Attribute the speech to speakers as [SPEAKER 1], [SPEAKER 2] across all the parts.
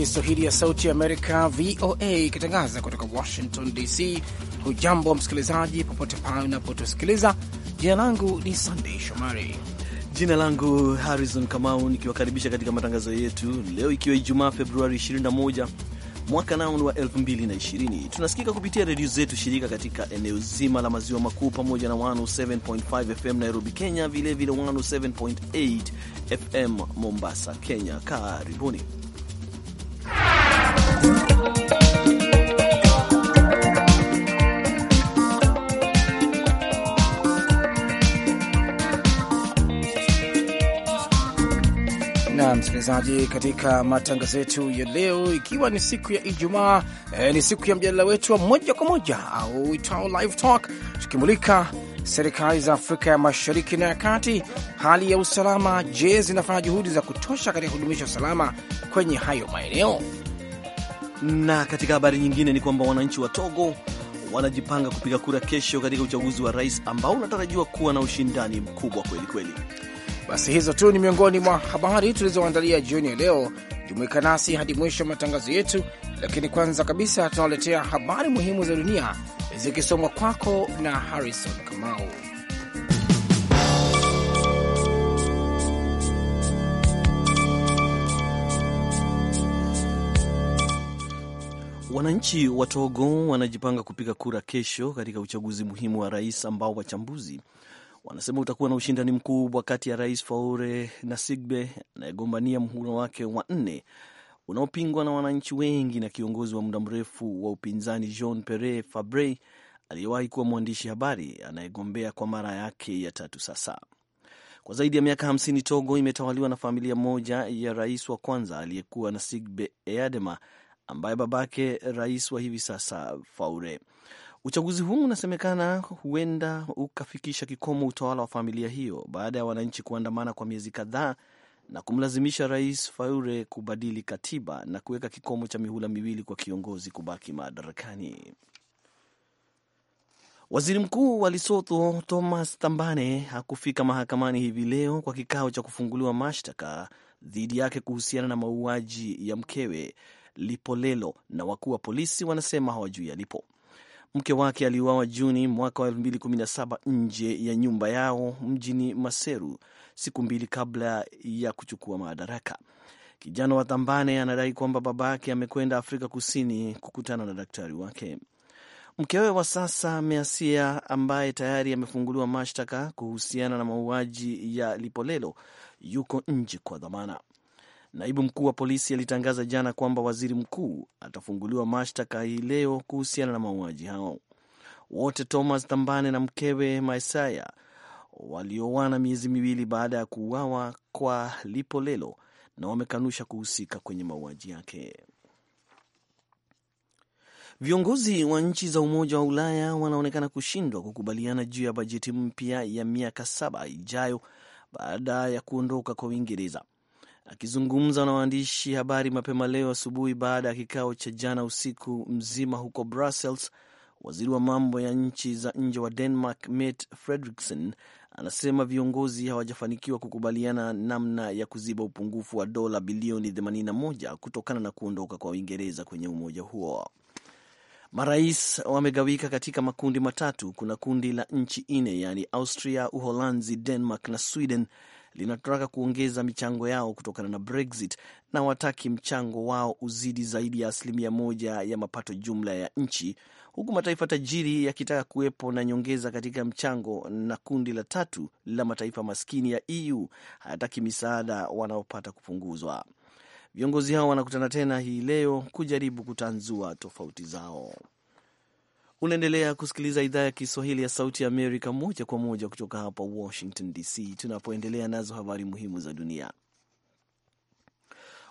[SPEAKER 1] Kiswahili ya Sauti ya Amerika, VOA, ikitangaza kutoka Washington DC. Hujambo msikilizaji, popote pale unapotusikiliza. Jina langu ni Sandei Shomari. Jina langu
[SPEAKER 2] Harrison Kamau, nikiwakaribisha katika matangazo yetu leo, ikiwa Ijumaa Februari 21 mwaka nao wa 2020. Tunasikika kupitia redio zetu shirika katika eneo zima la maziwa makuu pamoja na 107.5 FM Nairobi, Kenya, vilevile 107.8 FM Mombasa, Kenya. Karibuni.
[SPEAKER 1] msikilizaji, katika matangazo yetu ya leo, ikiwa ni siku ya Ijumaa eh, ni siku ya mjadala wetu wa moja kwa moja au itao live talk, tukimulika serikali za Afrika ya Mashariki na ya Kati, hali ya usalama. Je, zinafanya juhudi za kutosha katika kudumisha usalama kwenye hayo maeneo?
[SPEAKER 2] Na katika habari nyingine ni kwamba wananchi wa Togo wanajipanga kupiga kura kesho katika uchaguzi
[SPEAKER 1] wa rais ambao unatarajiwa kuwa na ushindani mkubwa kwelikweli kweli. Basi hizo tu ni miongoni mwa habari tulizoandalia jioni ya leo. Jumuika nasi hadi mwisho wa matangazo yetu, lakini kwanza kabisa tunawaletea habari muhimu za dunia zikisomwa kwako na Harrison Kamau.
[SPEAKER 2] Wananchi wa Togo wanajipanga kupiga kura kesho katika uchaguzi muhimu wa rais ambao wachambuzi wanasema utakuwa na ushindani mkubwa kati ya Rais Faure na Sigbe anayegombania mhula wake wa nne unaopingwa na wananchi wengi na kiongozi wa muda mrefu wa upinzani Jean Pierre Fabre aliyewahi kuwa mwandishi habari anayegombea kwa mara yake ya tatu sasa. Kwa zaidi ya miaka hamsini, Togo imetawaliwa na familia moja ya rais wa kwanza aliyekuwa Nasigbe eadema ambaye babake rais wa hivi sasa Faure. Uchaguzi huu unasemekana huenda ukafikisha kikomo utawala wa familia hiyo baada ya wananchi kuandamana kwa miezi kadhaa na kumlazimisha Rais Faure kubadili katiba na kuweka kikomo cha mihula miwili kwa kiongozi kubaki madarakani. Waziri Mkuu wa Lesotho Thomas Tambane hakufika mahakamani hivi leo kwa kikao cha kufunguliwa mashtaka dhidi yake kuhusiana na mauaji ya mkewe Lipolelo, na wakuu wa polisi wanasema hawajui alipo. Mke wake aliuawa Juni mwaka wa 2017 nje ya nyumba yao mjini Maseru, siku mbili kabla ya kuchukua madaraka. Kijana wa Thambane anadai kwamba baba yake amekwenda Afrika Kusini kukutana na daktari wake. Mkewe wa sasa Measia, ambaye tayari amefunguliwa mashtaka kuhusiana na mauaji ya Lipolelo, yuko nje kwa dhamana. Naibu mkuu wa polisi alitangaza jana kwamba waziri mkuu atafunguliwa mashtaka hii leo kuhusiana na mauaji hao wote. Thomas Thambane na mkewe Maesaya walioana miezi miwili baada ya kuuawa kwa Lipolelo na wamekanusha kuhusika kwenye mauaji yake. Viongozi wa nchi za Umoja wa Ulaya wanaonekana kushindwa kukubaliana juu ya bajeti mpya ya miaka saba ijayo baada ya kuondoka kwa Uingereza. Akizungumza na waandishi habari mapema leo asubuhi baada ya kikao cha jana usiku mzima huko Brussels, waziri wa mambo ya nchi za nje wa Denmark Mette Frederiksen anasema viongozi hawajafanikiwa kukubaliana namna ya kuziba upungufu wa dola bilioni 81 kutokana na kuondoka kwa Uingereza kwenye umoja huo. Marais wamegawika katika makundi matatu. Kuna kundi la nchi nne, yaani Austria, Uholanzi, Denmark na Sweden linataka kuongeza michango yao kutokana na Brexit na wataki mchango wao uzidi zaidi ya asilimia moja ya mapato jumla ya nchi, huku mataifa tajiri yakitaka kuwepo na nyongeza katika mchango, na kundi la tatu la mataifa maskini ya EU hayataki misaada wanaopata kupunguzwa. Viongozi hao wanakutana tena hii leo kujaribu kutanzua tofauti zao. Unaendelea kusikiliza idhaa ya Kiswahili ya Sauti ya Amerika moja kwa moja kutoka hapa Washington DC, tunapoendelea nazo habari muhimu za dunia.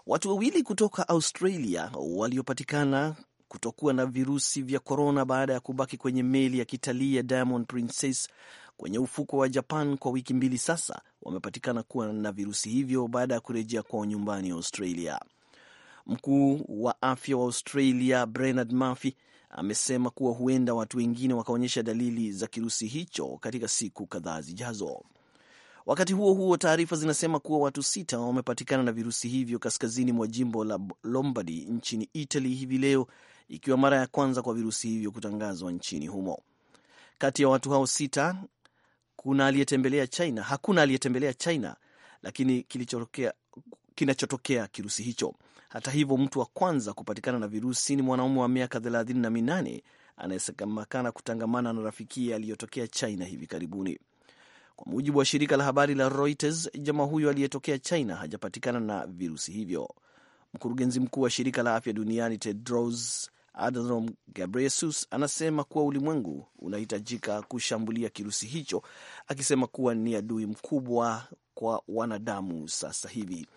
[SPEAKER 2] Watu wawili kutoka Australia waliopatikana kutokuwa na virusi vya korona baada ya kubaki kwenye meli ya kitalii ya Diamond Princess kwenye ufukwe wa Japan kwa wiki mbili sasa, wamepatikana kuwa na virusi hivyo baada ya kurejea kwao nyumbani Australia. Mkuu wa afya wa Australia Bernard Murphy amesema kuwa huenda watu wengine wakaonyesha dalili za kirusi hicho katika siku kadhaa zijazo. Wakati huo huo, taarifa zinasema kuwa watu sita wamepatikana na virusi hivyo kaskazini mwa jimbo la Lombardi nchini Italy hivi leo, ikiwa mara ya kwanza kwa virusi hivyo kutangazwa nchini humo. Kati ya watu hao sita kuna aliyetembelea China, hakuna aliyetembelea China, lakini kinachotokea kirusi hicho. Hata hivyo, mtu wa kwanza kupatikana na virusi ni mwanaume wa miaka 38 anayesemekana kutangamana na rafiki aliyotokea China hivi karibuni. Kwa mujibu wa shirika la habari la Reuters, jamaa huyo aliyetokea China hajapatikana na virusi hivyo. Mkurugenzi mkuu wa shirika la afya duniani Tedros Adhanom Ghebreyesus anasema kuwa ulimwengu unahitajika kushambulia kirusi hicho, akisema kuwa ni adui mkubwa kwa wanadamu sasa hivi.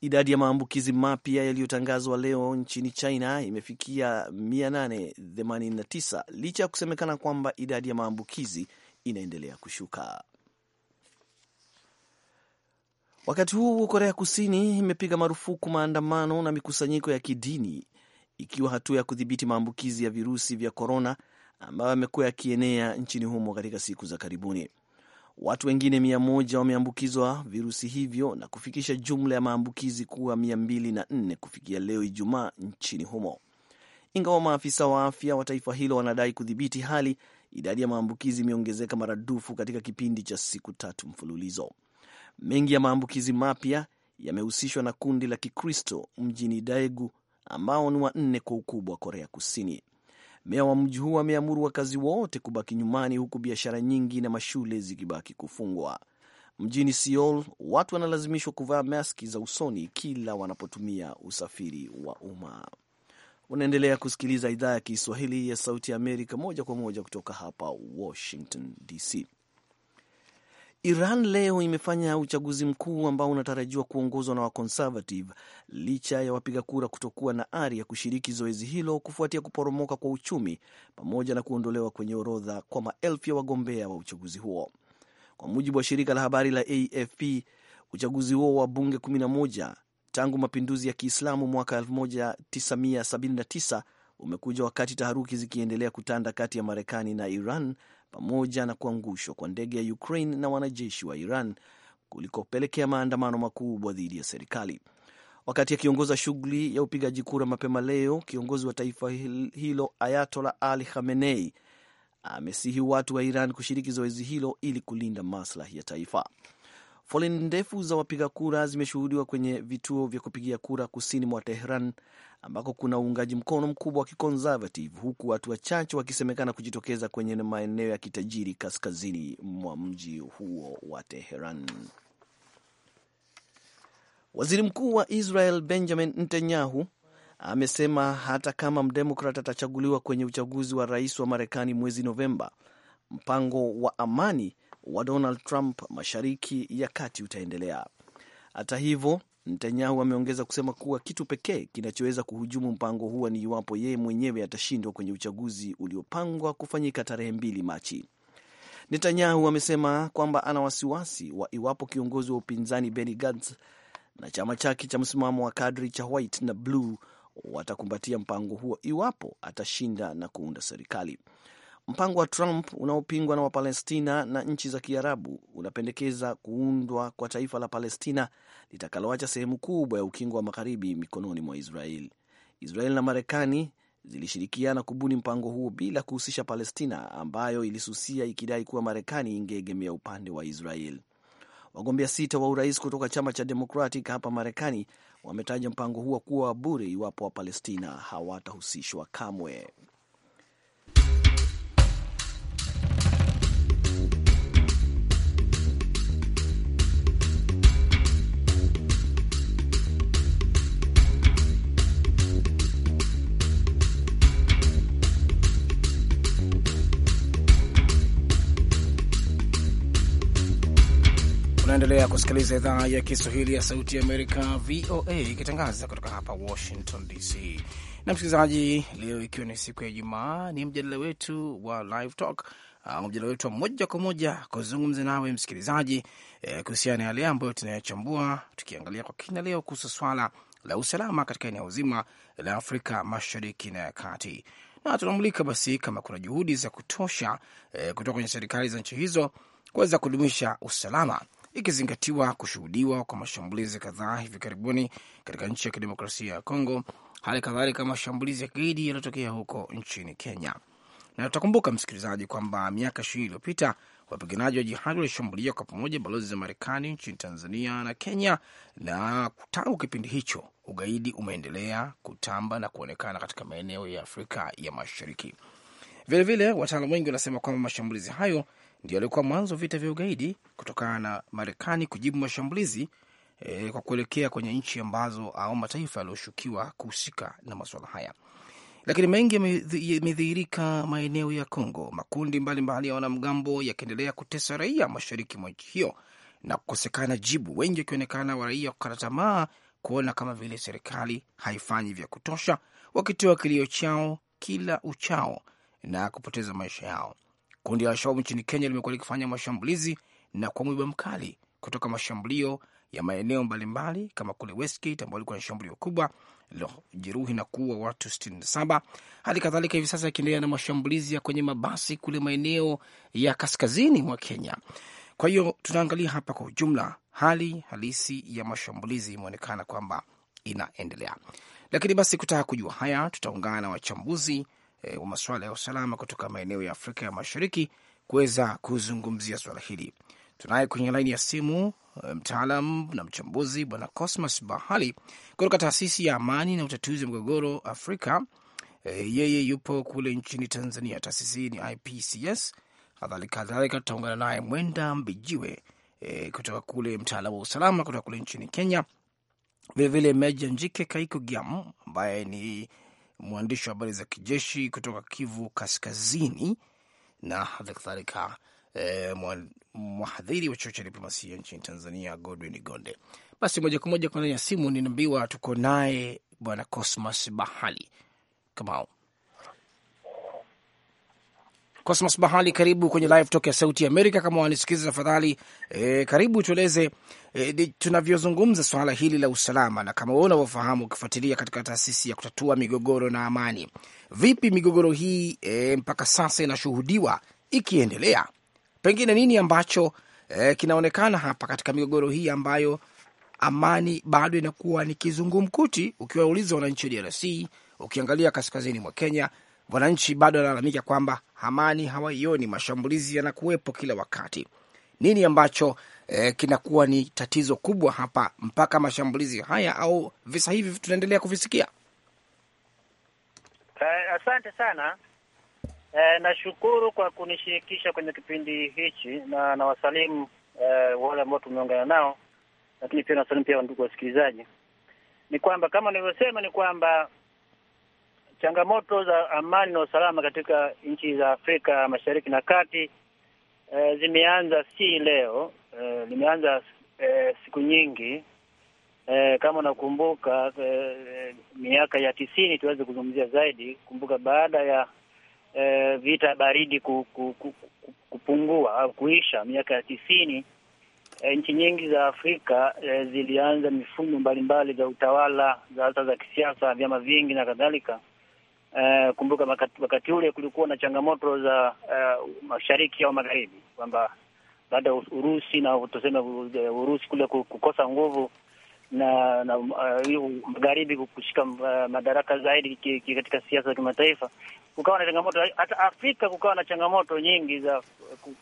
[SPEAKER 2] Idadi ya maambukizi mapya yaliyotangazwa leo nchini China imefikia 889 licha ya kusemekana kwamba idadi ya maambukizi inaendelea kushuka. Wakati huu Korea Kusini imepiga marufuku maandamano na mikusanyiko ya kidini ikiwa hatua ya kudhibiti maambukizi ya virusi vya korona ambayo yamekuwa yakienea nchini humo katika siku za karibuni. Watu wengine mia moja wameambukizwa virusi hivyo na kufikisha jumla ya maambukizi kuwa mia mbili na nne kufikia leo Ijumaa nchini humo. Ingawa maafisa wa afya wa taifa hilo wanadai kudhibiti hali, idadi ya maambukizi imeongezeka maradufu katika kipindi cha siku tatu mfululizo. Mengi ya maambukizi mapya yamehusishwa na kundi la Kikristo mjini Daegu ambao ni wa nne kwa ukubwa wa Korea Kusini. Meya wa mji huo ameamuru wakazi wote kubaki nyumbani, huku biashara nyingi na mashule zikibaki kufungwa. Mjini Seoul, watu wanalazimishwa kuvaa maski za usoni kila wanapotumia usafiri wa umma. Unaendelea kusikiliza idhaa ya Kiswahili ya Sauti ya Amerika moja kwa moja kutoka hapa Washington DC. Iran leo imefanya uchaguzi mkuu ambao unatarajiwa kuongozwa na wakonservative licha ya wapiga kura kutokuwa na ari ya kushiriki zoezi hilo kufuatia kuporomoka kwa uchumi pamoja na kuondolewa kwenye orodha kwa maelfu ya wagombea wa uchaguzi huo. Kwa mujibu wa shirika la habari la AFP, uchaguzi huo wa bunge 11 tangu mapinduzi ya Kiislamu mwaka 1979 umekuja wakati taharuki zikiendelea kutanda kati ya Marekani na Iran pamoja na kuangushwa kwa ndege ya Ukraine na wanajeshi wa Iran kulikopelekea maandamano makubwa dhidi ya serikali. Wakati akiongoza shughuli ya upigaji kura mapema leo, kiongozi wa taifa hilo Ayatola Ali Khamenei amesihi watu wa Iran kushiriki zoezi hilo ili kulinda maslahi ya taifa. Foleni ndefu za wapiga kura zimeshuhudiwa kwenye vituo vya kupigia kura kusini mwa Teheran ambako kuna uungaji mkono mkubwa wa kiconservative huku watu wachache wakisemekana kujitokeza kwenye maeneo ya kitajiri kaskazini mwa mji huo wa Teheran. Waziri Mkuu wa Israel Benjamin Netanyahu amesema hata kama mdemokrat atachaguliwa kwenye uchaguzi wa rais wa Marekani mwezi Novemba, mpango wa amani wa Donald Trump mashariki ya kati utaendelea. Hata hivyo, Netanyahu ameongeza kusema kuwa kitu pekee kinachoweza kuhujumu mpango huo ni iwapo yeye mwenyewe atashindwa kwenye uchaguzi uliopangwa kufanyika tarehe mbili Machi. Netanyahu amesema kwamba ana wasiwasi wa iwapo kiongozi wa upinzani Benny Gantz na chama chake cha msimamo wa kadri cha White na Blue watakumbatia mpango huo iwapo atashinda na kuunda serikali. Mpango wa Trump unaopingwa na Wapalestina na nchi za Kiarabu unapendekeza kuundwa kwa taifa la Palestina litakaloacha sehemu kubwa ya ukingo wa magharibi mikononi mwa Israel. Israel na Marekani zilishirikiana kubuni mpango huo bila kuhusisha Palestina, ambayo ilisusia ikidai kuwa Marekani ingeegemea upande wa Israel. Wagombea sita wa urais kutoka chama cha Democratic hapa Marekani wametaja mpango huo kuwa wa bure iwapo Wapalestina hawatahusishwa kamwe.
[SPEAKER 1] Unaendelea kusikiliza idhaa ya Kiswahili ya Sauti ya Amerika, VOA, ikitangaza kutoka hapa Washington DC. Na msikilizaji, leo ikiwa ni siku ya Ijumaa, ni mjadala wetu wa Live Talk, mjadala wetu wa moja kwa moja kuzungumza nawe msikilizaji eh, kuhusiana na yale ambayo tunayachambua tukiangalia kwa kina leo kuhusu swala la usalama katika eneo zima la Afrika Mashariki na ya Kati na tunamulika basi kama kuna juhudi za kutosha e, kutoka kwenye serikali za nchi hizo kuweza kudumisha usalama ikizingatiwa kushuhudiwa kwa mashambulizi kadhaa hivi karibuni katika nchi ya kidemokrasia ya Kongo, hali kadhalika mashambulizi ya kigaidi yaliyotokea huko nchini Kenya. Na tutakumbuka msikilizaji, kwamba miaka ishirini iliyopita wapiganaji wa jihadi walishambulia kwa pamoja balozi za Marekani nchini Tanzania na Kenya, na tangu kipindi hicho ugaidi umeendelea kutamba na kuonekana katika maeneo ya Afrika ya Mashariki. Vilevile, wataalamu wengi wanasema kwamba mashambulizi hayo ndio alikuwa mwanzo vita vya ugaidi kutokana na Marekani kujibu mashambulizi e, kwa kuelekea kwenye nchi ambazo au mataifa yaliyoshukiwa kuhusika na masuala haya. Lakini mengi yamedhihirika maeneo ya Kongo, makundi mbalimbali mbali ya wanamgambo yakiendelea kutesa raia mashariki mwa nchi hiyo na kukosekana jibu, wengi wakionekana wa raia kukata tamaa, kuona kama vile serikali haifanyi vya kutosha, wakitoa kilio chao kila uchao na kupoteza maisha yao. Kundi la al nchini Kenya limekuwa likifanya mashambulizi na kwa mwiba mkali kutoka mashambulio ya maeneo mbalimbali kama kule Westgate ambao likuwa na shambulio kubwa lilojeruhi na kuua watu 67. Hali kadhalika hivi sasa yakiendelea na mashambulizi ya kwenye mabasi kule maeneo ya kaskazini mwa Kenya. Kwa hiyo tunaangalia hapa kwa ujumla, hali halisi ya mashambulizi imeonekana kwamba inaendelea. Lakini basi kutaka kujua haya, tutaungana na wachambuzi e, wa masuala ya usalama kutoka maeneo ya Afrika ya Mashariki kuweza kuzungumzia swala hili. Tunaye kwenye laini ya simu eh, mtaalam na mchambuzi Bwana Cosmas Bahali kutoka taasisi ya amani na utatuzi wa migogoro Afrika. E, yeye yupo kule nchini Tanzania. Taasisi hii ni IPCS. Kadhalika kadhalika tutaungana naye Mwenda Mbijiwe e, kutoka kule, mtaalamu wa usalama kutoka kule nchini Kenya, vilevile Meja Njike Kaiko Giam ambaye ni mwandishi wa habari za kijeshi kutoka Kivu Kaskazini na hali kadhalika eh, mhadhiri wa chuo cha diplomasia nchini Tanzania Godwin Gonde. Basi moja kwa moja kwa ndani ya simu ninaambiwa tuko naye Bwana Cosmas Bahali Kamau. Cosmas Bahali, karibu kwenye live talk ya Sauti ya Amerika. Kama wanisikiza tafadhali, e, karibu tueleze e, tunavyozungumza swala hili la usalama, na kama wewe unavyofahamu ukifuatilia katika taasisi ya kutatua migogoro na amani, vipi migogoro hii e, mpaka sasa inashuhudiwa ikiendelea, pengine nini ambacho e, kinaonekana hapa katika migogoro hii ambayo amani bado inakuwa ni kizungumkuti, ukiwauliza wananchi wa DRC, ukiangalia kaskazini mwa Kenya wananchi bado wanalalamika kwamba amani hawaioni, mashambulizi yanakuwepo kila wakati. Nini ambacho eh, kinakuwa ni tatizo kubwa hapa mpaka mashambulizi haya au visa hivi tunaendelea kuvisikia?
[SPEAKER 3] Uh, asante sana. Uh, nashukuru kwa kunishirikisha kwenye kipindi hichi na nawasalimu uh, wale ambao tumeungana nao, lakini pia nawasalimu pia ndugu wasikilizaji. Ni kwamba kama nilivyosema, ni kwamba changamoto za amani na usalama katika nchi za Afrika Mashariki na Kati e, zimeanza si leo e, eh, limeanza e, eh, siku nyingi e, kama unakumbuka e, miaka ya tisini, tuweze kuzungumzia zaidi. Kumbuka baada ya e, vita baridi ku, ku, ku, kupungua au kuisha miaka ya tisini, e, nchi nyingi za Afrika e, zilianza mifumo mbalimbali za utawala za hata za kisiasa, vyama vingi na kadhalika Uh, kumbuka wakati, wakati ule kulikuwa na changamoto za uh, mashariki au magharibi, kwamba baada ya Urusi na tuseme Urusi kule kukosa nguvu na, na uh, magharibi kushika uh, madaraka zaidi ki, ki, katika siasa za kimataifa, kukawa na changamoto. Hata Afrika kukawa na changamoto nyingi za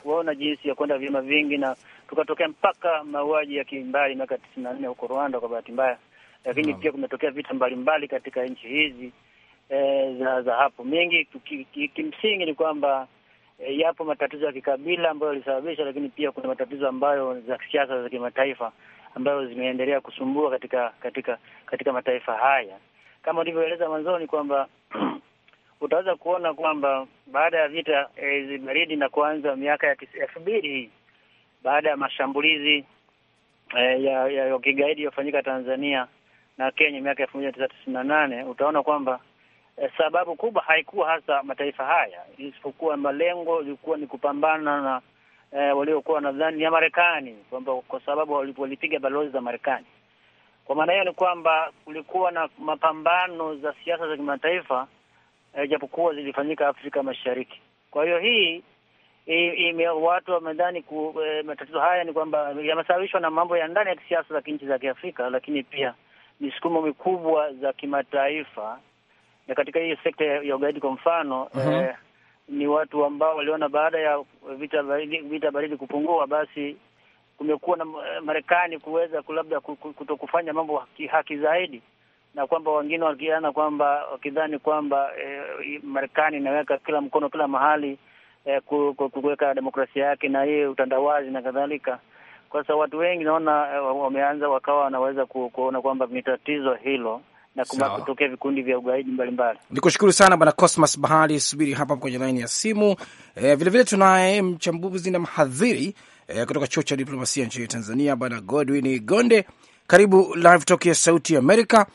[SPEAKER 3] kuona jinsi ya kwenda vyama vingi, na tukatokea mpaka mauaji ya kimbali miaka tisini na nne huko Rwanda kwa bahati mbaya, lakini pia kumetokea vita mbalimbali mbali katika nchi hizi e, za, za hapo mengi. Kimsingi ni kwamba e, yapo matatizo ya kikabila ambayo yalisababisha, lakini pia kuna matatizo ambayo za kisiasa za kimataifa ambayo zimeendelea kusumbua katika katika katika mataifa haya. Kama ulivyoeleza mwanzoni kwamba utaweza kuona kwamba baada ya vita e, eh, baridi na kuanza miaka ya elfu mbili hii baada ya mashambulizi e, ya, ya, ya kigaidi yaliyofanyika Tanzania na Kenya miaka elfu moja mia tisa tisini na nane utaona kwamba eh, sababu kubwa haikuwa hasa mataifa haya, isipokuwa malengo ilikuwa ni kupambana na eh, waliokuwa nadhani ya Marekani kwamba kwa sababu walipiga balozi za Marekani. Kwa maana hiyo ni kwamba kulikuwa na mapambano za siasa za kimataifa eh, japokuwa zilifanyika Afrika Mashariki. Kwa hiyo hii ime, watu wamedhani eh, matatizo haya ni kwamba yamesababishwa na mambo ya ndani ya kisiasa za nchi za Kiafrika, lakini pia misukumo mikubwa za kimataifa na katika hii sekta ya ugaidi kwa mfano uh -huh. eh, ni watu ambao waliona baada ya vita baridi, vita baridi kupungua, basi kumekuwa na eh, Marekani kuweza labda kutokufanya mambo haki, haki zaidi na kwamba wengine wakiana kwamba wakidhani kwamba eh, Marekani inaweka kila mkono kila mahali eh, kuweka demokrasia yake na hiyi utandawazi na kadhalika. Kwa sasa watu wengi naona eh, wameanza wakawa wanaweza kuona kwamba ni tatizo hilo na kumba kutokea vikundi vya ugaidi mbalimbali.
[SPEAKER 1] Nikushukuru sana Bwana Cosmas Bahali, subiri hapa kwenye laini ya simu. Vilevile eh, vile tunaye mchambuzi na mhadhiri e, kutoka chuo cha diplomasia nchini Tanzania Bwana Godwin Gonde, karibu Live Talk ya Sauti Amerika.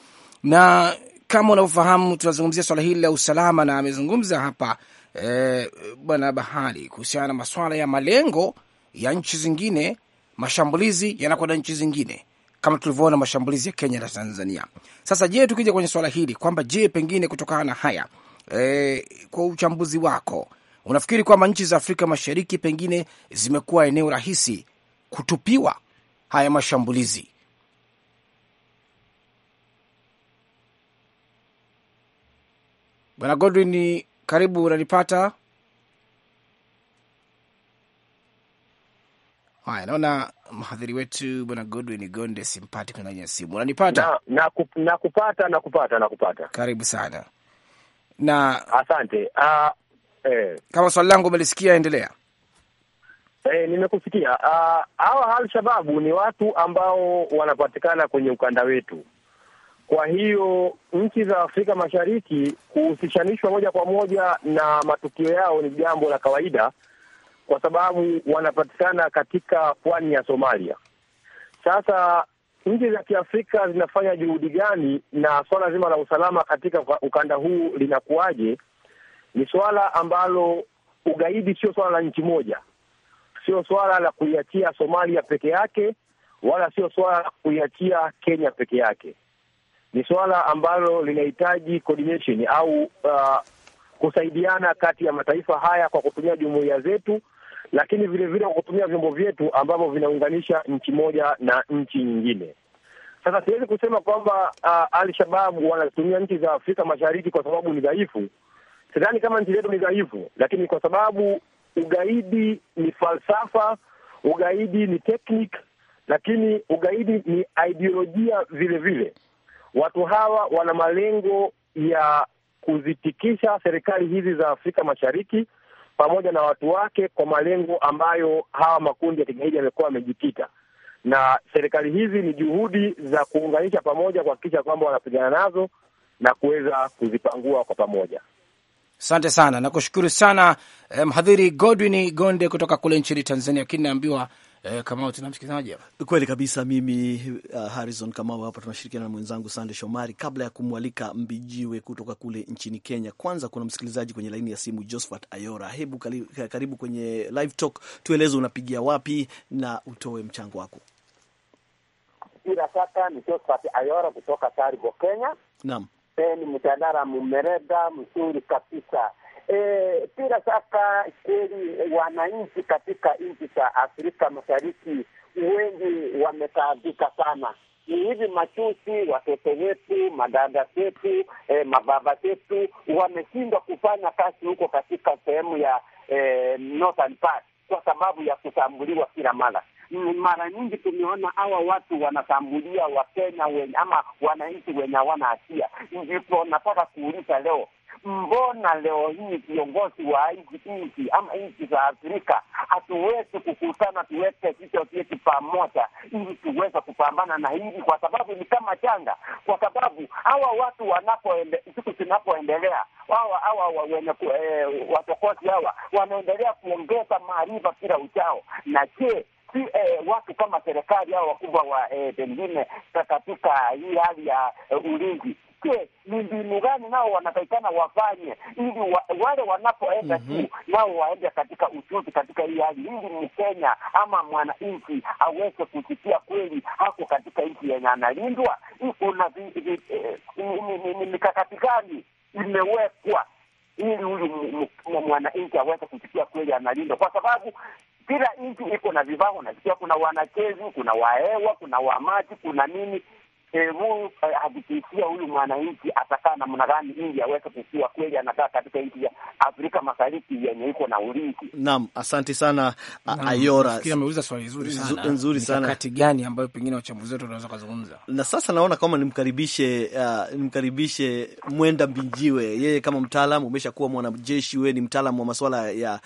[SPEAKER 1] Na kama unavyofahamu tunazungumzia swala hili la usalama, na amezungumza hapa e, Bwana Bahali kuhusiana na maswala ya malengo ya nchi zingine, mashambulizi yanakwenda nchi zingine kama tulivyoona mashambulizi ya Kenya na Tanzania. Sasa je, tukija kwenye swala hili kwamba je, pengine kutokana na haya e, kwa uchambuzi wako unafikiri kwamba nchi za Afrika Mashariki pengine zimekuwa eneo rahisi kutupiwa haya mashambulizi? Bwana Godwin, karibu, unanipata? Haya, naona mhadhiri wetu bwana Godwin Gonde, simpati kwenye ya simu. Unanipata? na, na, na nakupata. Karibu sana na asante. Uh, eh, kama swali langu umelisikia, endelea.
[SPEAKER 4] Eh, nimekusikia. Uh, hawa Alshababu ni watu ambao wanapatikana kwenye ukanda wetu kwa hiyo nchi za Afrika Mashariki kuhusishanishwa moja kwa moja na matukio yao ni jambo la kawaida, kwa sababu wanapatikana katika pwani ya Somalia. Sasa nchi za Kiafrika zinafanya juhudi gani, na swala zima la usalama katika ukanda huu linakuwaje? Ni swala ambalo ugaidi sio swala la nchi moja, sio swala la kuiachia Somalia peke yake, wala sio swala la kuiachia Kenya peke yake. Ni swala ambalo linahitaji coordination au uh, kusaidiana kati ya mataifa haya kwa kutumia jumuiya zetu lakini vilevile kwa kutumia vyombo vyetu ambavyo vinaunganisha nchi moja na nchi nyingine. Sasa siwezi kusema kwamba uh, Al-Shabaab wanatumia nchi za Afrika Mashariki kwa sababu ni dhaifu. Sidhani kama nchi zetu ni dhaifu, lakini kwa sababu ugaidi ni falsafa, ugaidi ni technique, lakini ugaidi ni ideolojia vile vile. Watu hawa wana malengo ya kuzitikisha serikali hizi za Afrika Mashariki pamoja na watu wake kwa malengo ambayo hawa makundi ya kigaidi yamekuwa wamejikita, na serikali hizi ni juhudi za kuunganisha pamoja kuhakikisha kwamba wanapigana nazo na kuweza kuzipangua kwa pamoja.
[SPEAKER 1] Asante sana, nakushukuru sana eh, mhadhiri Godwin Gonde kutoka kule nchini Tanzania, lakini naambiwa eh, Kamau tuna msikilizaji hapa.
[SPEAKER 2] Kweli kabisa, mimi uh, Harrison Kamau hapa, tunashirikiana na mwenzangu Sande Shomari. Kabla ya kumwalika Mbijiwe kutoka kule nchini Kenya, kwanza kuna msikilizaji kwenye laini ya simu Josephat Ayora. Hebu karibu kwenye live talk, tueleze unapigia wapi na utoe mchango wako.
[SPEAKER 5] Bila shaka ni Josephat
[SPEAKER 4] Ayora kutoka Tarigo, Kenya. Naam, ni mtandara mmereda mzuri
[SPEAKER 6] kabisa E, shaka kweli wananchi katika nchi za Afrika Mashariki wengi wametaabika sana. Ni hivi machusi watoto wetu, madada zetu, e, mababa zetu wameshindwa kufanya kazi huko katika sehemu ya e, northern part kwa sababu ya kutambuliwa kila mara. Mara nyingi tumeona hawa watu wanatambulia Wakenya wenye ama wananchi wenye hawana hatia. Ndipo nataka kuuliza leo Mbona leo hii viongozi wa nchi ama nchi za Afrika hatuwezi kukutana tuweke vichwa vyetu pamoja ili tuweze kupambana na hili, kwa sababu ni kama janga, kwa sababu hawa watu wanapoende, siku zinapoendelea hawa hawa wenye eh, watokozi hawa wanaendelea kuongeza maarifa kila uchao, na je Si, eh, watu kama serikali au wakubwa wa eh, pengine eh, katika hii hali ya eh, ulinzi wasikie ni mbinu gani nao wanatakikana wafanye, ili wa, wale wanapoenda tu mm -hmm. nao waende katika uchuzi katika hii hali, ili Mkenya ama mwananchi aweze kusikia kweli hako katika nchi yenye analindwa. Kuna eh, mikakati gani imewekwa ili huyu mwananchi aweze kusikia kweli analindwa, kwa sababu kila nchi iko na vivango, nasikia kuna wanachezi, kuna wahewa, kuna wamaji, kuna nini Eh, mu eh, hakikisia huyu mwananchi atakaa namna gani ili aweze kusikia kweli anakaa
[SPEAKER 2] katika nchi ya Afrika Mashariki yenye iko na ulinzi. Naam, asante sana Ayora. Ameuliza swali zuri sana, nzuri sana. Kati
[SPEAKER 1] gani ambayo pengine wachambuzi wetu wanaweza kuzungumza. Na sasa
[SPEAKER 2] naona kama nimkaribishe, uh, nimkaribishe Mwenda Mbinjiwe, yeye kama mtaalamu, umeshakuwa mwanajeshi, wewe ni mtaalamu wa masuala ya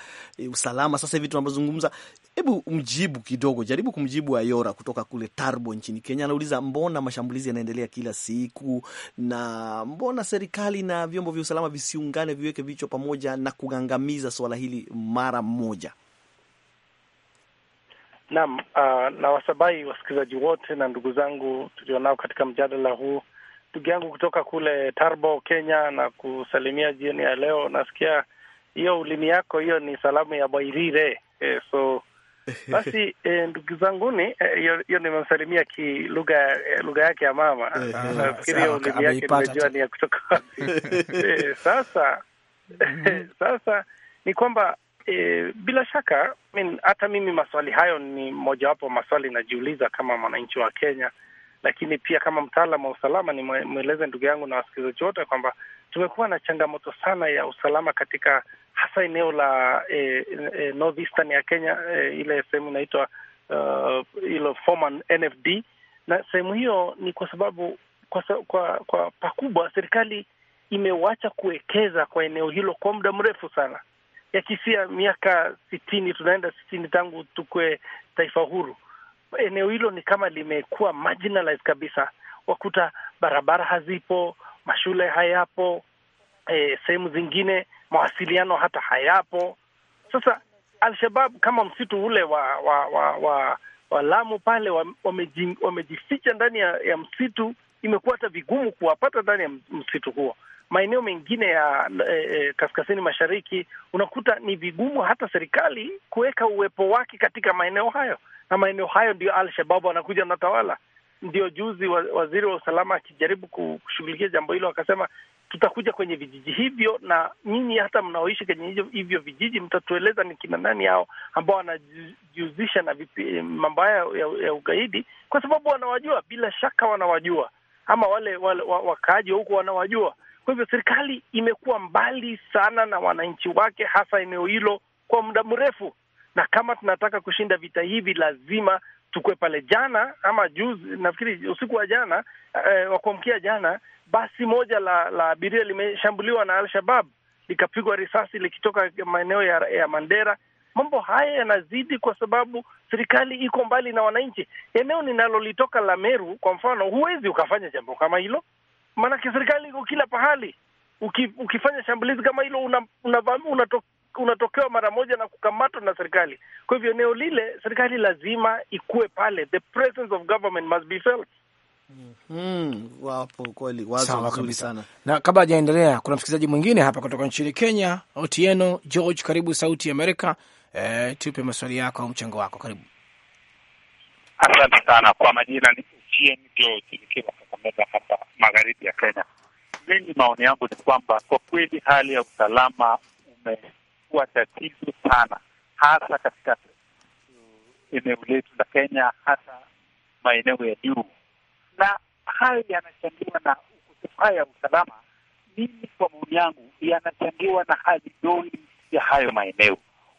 [SPEAKER 2] usalama. Sasa hivi tunavyozungumza, Hebu mjibu kidogo, jaribu kumjibu Ayora kutoka kule Tarbo nchini Kenya. Anauliza, mbona mashambulizi yanaendelea kila siku na mbona serikali na vyombo vya usalama visiungane, viweke vichwa pamoja na kugangamiza suala hili mara moja?
[SPEAKER 7] Naam, uh, na wasabai wasikilizaji wote na ndugu zangu tulionao katika mjadala huu, ndugu yangu kutoka kule Tarbo, Kenya, na kusalimia jioni ya leo. Nasikia hiyo ulimi yako hiyo ni salamu ya Bwairire, eh, so
[SPEAKER 2] Basi
[SPEAKER 7] eh, ndugu zanguni eh, hiyo eh, nimemsalimia ki lugha eh, lugha yake ya mama. Ah, nafikiri hiyo ulimi yake nimejua ni
[SPEAKER 5] ya kutoka
[SPEAKER 7] eh, sasa mhm. sasa ni kwamba e, bila shaka hata mimi maswali hayo ni mojawapo maswali najiuliza kama mwananchi wa Kenya, lakini pia kama mtaalam wa usalama nimweleze ndugu yangu na wasikilizaji wote kwamba tumekuwa na changamoto sana ya usalama katika hasa eneo la e, e, north eastern ya Kenya e, ile sehemu inaitwa uh, ilo former NFD na sehemu hiyo ni kwa sababu kwa, kwa, kwa pakubwa serikali imewacha kuwekeza kwa eneo hilo kwa muda mrefu sana, yakisia miaka sitini, tunaenda sitini tangu tukwe taifa huru. Eneo hilo ni kama limekuwa marginalized kabisa, wakuta barabara hazipo, mashule hayapo, e, sehemu zingine mawasiliano hata hayapo. Sasa Alshabab kama msitu ule wa wa wa, wa, wa Lamu pale wamejificha ndani ya, ya msitu, imekuwa hata vigumu kuwapata ndani ya msitu huo. Maeneo mengine ya e, kaskazini mashariki unakuta ni vigumu hata serikali kuweka uwepo wake katika maeneo hayo, na maeneo hayo ndio alshababu wanakuja na tawala ndio juzi waziri wa usalama akijaribu kushughulikia jambo hilo akasema tutakuja kwenye vijiji hivyo, na nyinyi hata mnaoishi kwenye hivyo vijiji mtatueleza ni kina nani hao ambao wanajihusisha na mambo haya ya, ya ugaidi, kwa sababu wanawajua, bila shaka wanawajua, ama wale, wale wakaaji wa huko wanawajua. Kwa hivyo serikali imekuwa mbali sana na wananchi wake, hasa eneo hilo kwa muda mrefu, na kama tunataka kushinda vita hivi, lazima tukuwe pale jana ama juzi, nafikiri usiku wa jana eh, wa kuamkia jana, basi moja la la abiria limeshambuliwa na Al-Shabab likapigwa risasi likitoka maeneo ya, ya Mandera. Mambo haya yanazidi kwa sababu serikali iko mbali na wananchi. Eneo ninalolitoka la Meru kwa mfano, huwezi ukafanya jambo kama hilo, maanake serikali iko kila pahali. Uki, ukifanya shambulizi kama hilo unatoa una, una, unatokewa mara moja na kukamatwa na serikali. Kwa hivyo eneo lile serikali lazima ikuwe pale, the presence of government must be felt.
[SPEAKER 1] Mm, mm-hmm. wapo kweli, wazo nzuri sana. Na kabla hajaendelea, kuna msikilizaji mwingine hapa kutoka nchini Kenya, Otieno George, karibu Sauti ya Amerika. E, tupe maswali yako au mchango wako, karibu.
[SPEAKER 4] Asante sana kwa majina, ni Otieno George nikiwa Kakamega hapa magharibi ya Kenya. Mimi maoni yangu ni kwamba kwa kweli hali ya usalama ume kuwa tatizo sana, hasa katika eneo letu la Kenya, hasa maeneo ya juu, na
[SPEAKER 6] hayo yanachangiwa na ukosefu haya ya usalama. Mimi kwa maoni yangu, yanachangiwa
[SPEAKER 4] na hali duni ya hayo maeneo.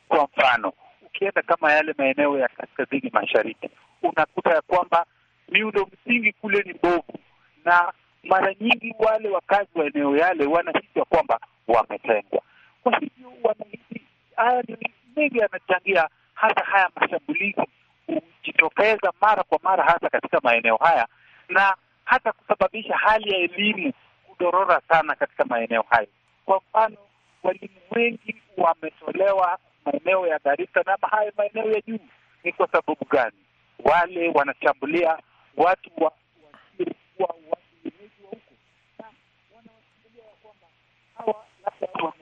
[SPEAKER 4] Kwa mfano, ukienda kama yale maeneo ya kaskazini mashariki, unakuta ya kwamba miundo msingi kule ni mbovu, na mara nyingi wale wakazi wa eneo yale wanahisi ya kwamba wametengwa kwa hivyo wanahisi haya ni mengi yamechangia hata haya mashambulizi kujitokeza mara kwa mara, hasa katika maeneo haya na hata kusababisha hali ya elimu kudorora sana katika maeneo hayo. Kwa mfano, walimu wengi wametolewa maeneo ya Garissa na hayo maeneo ya juu. Ni kwa sababu gani? Wale wanashambulia watu wa huko na wanawashambulia ya kwamba
[SPEAKER 1] hawa labda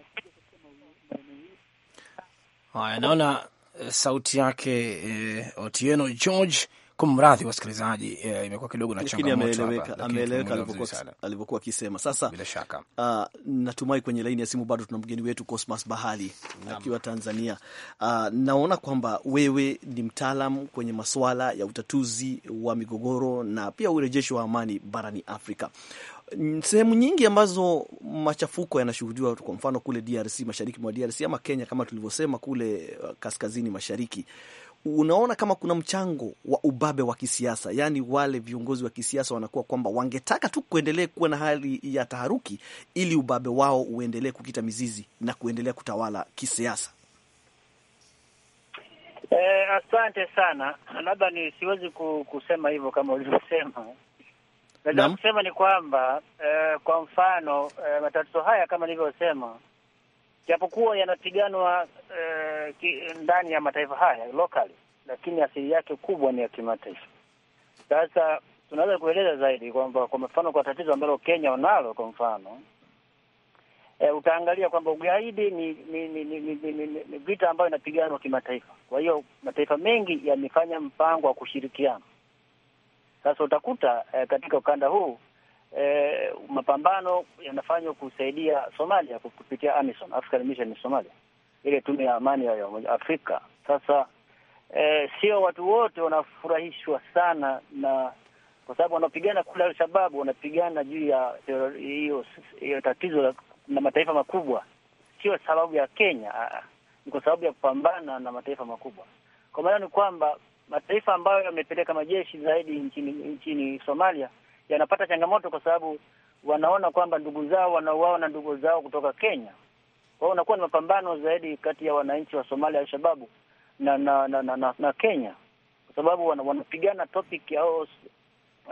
[SPEAKER 1] Haya, naona eh, sauti yake e, Otieno George. Kumradhi wasikilizaji, e, imekuwa kidogo na changamoto ameeleweka
[SPEAKER 2] alivyokuwa akisema. Sasa bila shaka, uh, natumai kwenye laini ya simu bado tuna mgeni wetu Cosmas Bahali akiwa Tanzania. Uh, naona kwamba wewe ni mtaalam kwenye maswala ya utatuzi wa migogoro na pia urejeshi wa amani barani Afrika sehemu nyingi ambazo machafuko yanashuhudiwa, kwa mfano kule DRC, mashariki mwa DRC ama Kenya kama tulivyosema, kule uh, kaskazini mashariki unaona kama kuna mchango wa ubabe wa kisiasa, yaani wale viongozi wa kisiasa wanakuwa kwamba wangetaka tu kuendelea kuwa na hali ya taharuki ili ubabe wao uendelee kukita mizizi na kuendelea kutawala kisiasa.
[SPEAKER 3] Eh, asante sana. Labda ni siwezi kusema hivyo kama ulivyosema, Naweza kusema ni kwamba eh, kwa mfano eh, matatizo haya kama nilivyosema, japokuwa yanapiganwa eh, ndani ya mataifa haya locally, lakini asili yake kubwa ni ya kimataifa. Sasa tunaweza kueleza zaidi kwamba kwa mfano kwa tatizo ambalo Kenya unalo kwa mfano E, utaangalia kwamba ugaidi ni ni, ni, ni, ni, ni, ni vita ambayo inapiganwa kimataifa. Kwa hiyo mataifa mengi yamefanya mpango wa kushirikiana sasa utakuta eh, katika ukanda huu eh, mapambano yanafanywa kusaidia Somalia kupitia AMISOM, African Mission in Somalia, ile tume ya amani ya Afrika. Sasa eh, sio watu wote wanafurahishwa sana na kwa sababu wanapigana kule Alshababu, wanapigana juu ya hiyo hiyo tatizo na mataifa makubwa, sio sababu ya Kenya, ah, ah. ni kwa sababu ya kupambana na mataifa makubwa. Kwa maana ni kwamba mataifa ambayo yamepeleka majeshi zaidi nchini nchini Somalia yanapata changamoto kwa sababu wanaona kwamba ndugu zao wanauawa na ndugu zao kutoka Kenya. Kwa hiyo unakuwa ni mapambano zaidi kati ya wananchi wa Somalia Alshababu na na na, na, na, na Kenya kwa sababu wan, wanapigana topic yao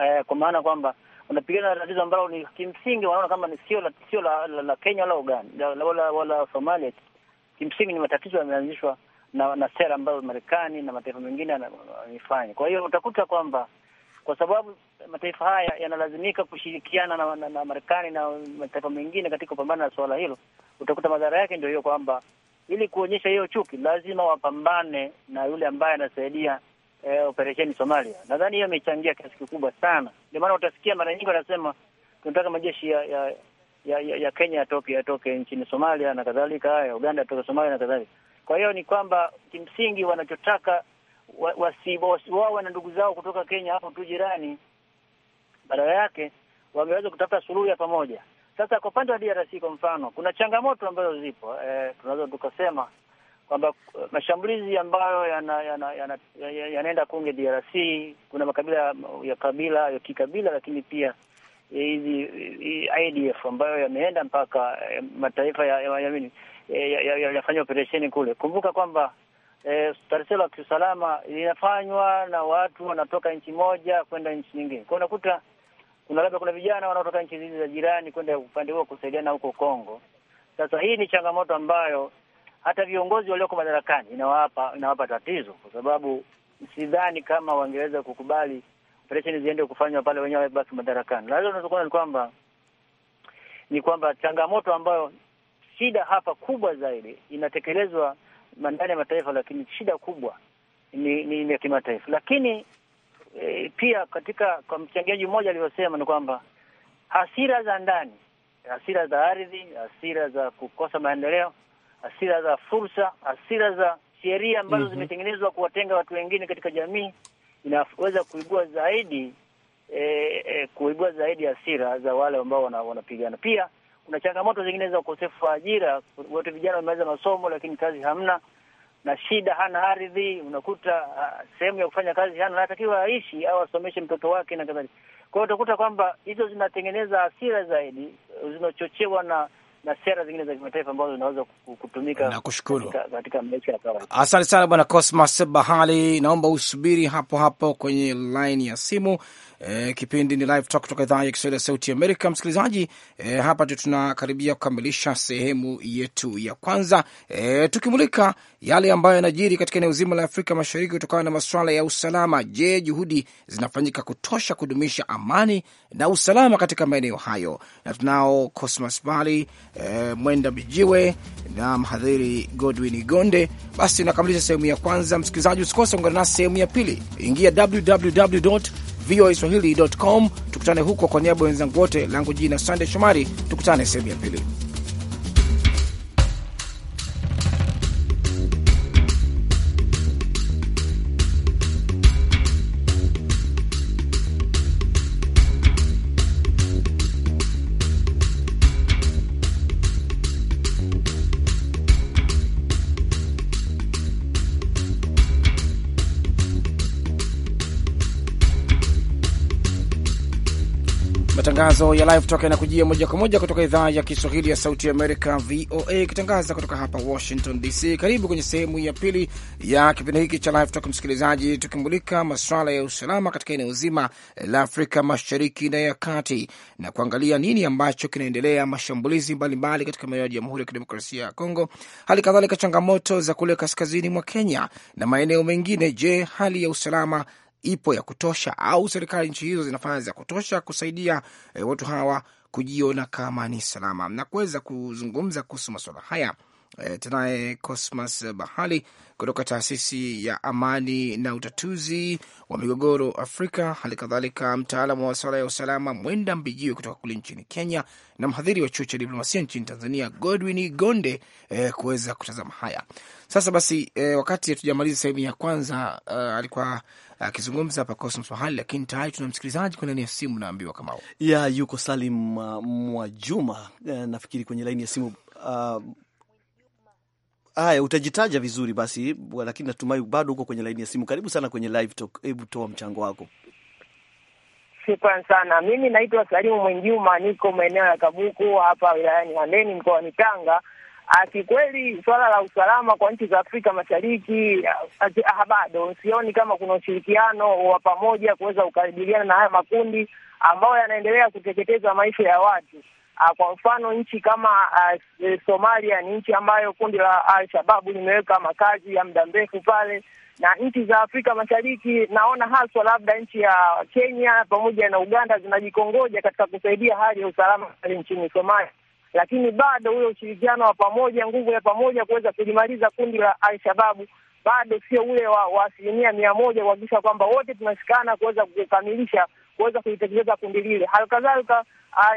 [SPEAKER 3] eh, kwa maana kwamba wanapigana tatizo ambalo ni kimsingi wanaona kama ni sio la sio la, la, la Kenya wala Uganda wala wala Somalia. Kimsingi ni matatizo yameanzishwa na, na sera ambayo Marekani na mataifa mengine yanaifanya. Kwa hiyo utakuta kwamba kwa sababu mataifa haya yanalazimika kushirikiana na, na, na Marekani na mataifa mengine katika kupambana na suala hilo, utakuta madhara yake ndio hiyo kwamba ili kuonyesha hiyo chuki lazima wapambane na yule ambaye anasaidia eh, operesheni Somalia. Nadhani hiyo imechangia kiasi kikubwa sana, ndio maana utasikia mara nyingi wanasema tunataka majeshi ya ya, ya, ya Kenya yatoke yatoke nchini Somalia na kadhalika, ya Uganda yatoke Somalia na kadhalika. Kwa hiyo ni kwamba kimsingi wanachotaka wawe na ndugu zao kutoka Kenya hapo tu jirani, badala yake wangeweza kutafuta suluhu ya pamoja. Sasa kwa upande wa DRC kwa mfano, kuna changamoto ambazo zipo e, tunaweza tukasema kwamba eh, mashambulizi ambayo yanaenda yana, yana, yana kunge DRC, kuna makabila ya kabila ya kikabila, lakini pia eh, hizi IDF ambayo yameenda mpaka mataifa ya, ya, ya, ya, Eh, yafanya operesheni kule. Kumbuka kwamba eh, tatizo la kiusalama linafanywa na watu wanatoka nchi moja kwenda nchi nyingine. Kwa unakuta kuna labda kuna vijana wanaotoka nchi hizi za jirani kwenda upande huo kusaidiana huko Kongo. Sasa hii ni changamoto ambayo hata viongozi walioko madarakani inawapa inawapa tatizo, kwa sababu sidhani kama wangeweza kukubali operesheni ziende kufanywa pale wenyewe basi madarakani. Lazima tunazungumza ni kwamba ni kwamba changamoto ambayo Shida hapa kubwa zaidi inatekelezwa ndani ya mataifa, lakini shida kubwa ni, ni ya kimataifa. Lakini e, pia katika kwa mchangiaji mmoja aliyosema ni kwamba hasira za ndani, hasira za ardhi, hasira za kukosa maendeleo, hasira za fursa, hasira za sheria ambazo mm -hmm. zimetengenezwa kuwatenga watu wengine katika jamii inaweza kuibua zaidi e, e, kuibua zaidi hasira za wale ambao wanapigana wana pia kuna changamoto zingine za ukosefu wa ajira. wote vijana wameweza masomo, lakini kazi hamna, na shida hana ardhi, unakuta uh, sehemu ya kufanya kazi hana, anatakiwa aishi au asomeshe mtoto wake na kadhalika. Kwa hiyo utakuta kwamba hizo zinatengeneza hasira zaidi, zinachochewa na na sera zingine za kimataifa ambazo zinaweza kutumika nakushukuru katika maisha ya kawaida.
[SPEAKER 1] Asante sana Bwana Cosmas Bahali, naomba usubiri hapo hapo kwenye laini ya simu. E, kipindi ni live talk kutoka idhaa ya Kiswahili ya sauti Amerika. Msikilizaji, e, hapa ndio tunakaribia kukamilisha sehemu yetu ya kwanza, e, tukimulika yale ambayo yanajiri katika eneo zima la Afrika Mashariki kutokana na masuala ya usalama. Je, juhudi zinafanyika kutosha kudumisha amani na usalama katika maeneo hayo? Na tunao Cosmas Bali, e, Mwenda Bijiwe na mhadhiri Godwin Gonde. Basi nakamilisha sehemu ya kwanza. Msikilizaji, usikose ungana nasi sehemu ya pili, ingia www voa swahili.com. Tukutane huko. Kwa niaba ya wenzangu wote, langu jina Sande Shomari, tukutane sehemu ya pili. Matangazo ya live talk yanakujia moja kwa moja kutoka idhaa ya Kiswahili ya sauti Amerika, VOA, ikitangaza kutoka hapa Washington DC. Karibu kwenye sehemu ya pili ya kipindi hiki cha live talk, msikilizaji, tukimulika masuala ya usalama katika eneo zima la Afrika mashariki na ya kati na kuangalia nini ambacho kinaendelea, mashambulizi mbalimbali katika maeneo ya Jamhuri ya Kidemokrasia ya Kongo, hali kadhalika changamoto za kule kaskazini mwa Kenya na maeneo mengine. Je, hali ya usalama ipo ya kutosha au serikali nchi hizo zinafanya za kutosha kusaidia e, watu hawa kujiona kama ni salama na kuweza kuzungumza kuhusu masuala haya. E, tunaye Cosmas Bahali kutoka taasisi ya amani na utatuzi wa migogoro Afrika, hali kadhalika mtaalamu wa masuala ya usalama Mwenda Mbijiwe kutoka kule nchini Kenya na mhadhiri wa chuo cha diplomasia nchini Tanzania Godwin Gonde e, kuweza kutazama haya sasa. Basi e, wakati hatujamaliza sehemu ya kwanza, e, alikuwa akizungumza hapa Cosmos Mahali, lakini tayari tuna msikilizaji kwenye laini ya simu, naambiwa kama
[SPEAKER 2] ya yuko Salim uh, Mwajuma, eh, nafikiri kwenye laini ya simu uh, Haya, utajitaja vizuri basi, lakini natumai bado huko kwenye laini ya simu. Karibu sana kwenye live talk, hebu toa mchango wako.
[SPEAKER 8] Shukran sana. Mimi naitwa Salimu Mwenjuma, niko maeneo ya Kabuku hapa wilayani Handeni mkoani Tanga. Kikweli suala la usalama kwa nchi za Afrika Mashariki ah, bado sioni kama kuna ushirikiano wa pamoja kuweza kukabiliana na haya makundi ambayo yanaendelea kuteketeza maisha ya watu. Ah, kwa mfano nchi kama e, Somalia ni nchi ambayo kundi la al shababu limeweka makazi ya muda mrefu pale, na nchi za Afrika Mashariki naona haswa labda nchi ya Kenya pamoja na Uganda zinajikongoja katika kusaidia hali ya usalama pale nchini Somalia lakini bado ule ushirikiano wa pamoja, nguvu ya pamoja kuweza kulimaliza kundi la Alshababu bado sio ule wa asilimia mia moja kuhakikisha kwamba wote tunashikana kuweza kukamilisha kuweza kulitekeleza kundi lile. Halikadhalika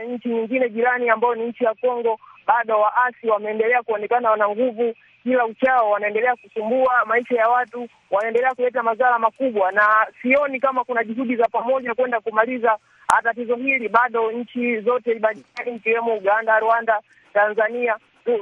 [SPEAKER 8] nchi nyingine jirani ambayo ni nchi ya Kongo bado waasi wameendelea kuonekana wana nguvu, kila uchao wanaendelea kusumbua maisha ya watu, wanaendelea kuleta madhara makubwa, na sioni kama kuna juhudi za pamoja kwenda kumaliza tatizo hili. Bado nchi zote ibadilani, ikiwemo Uganda, Rwanda, Tanzania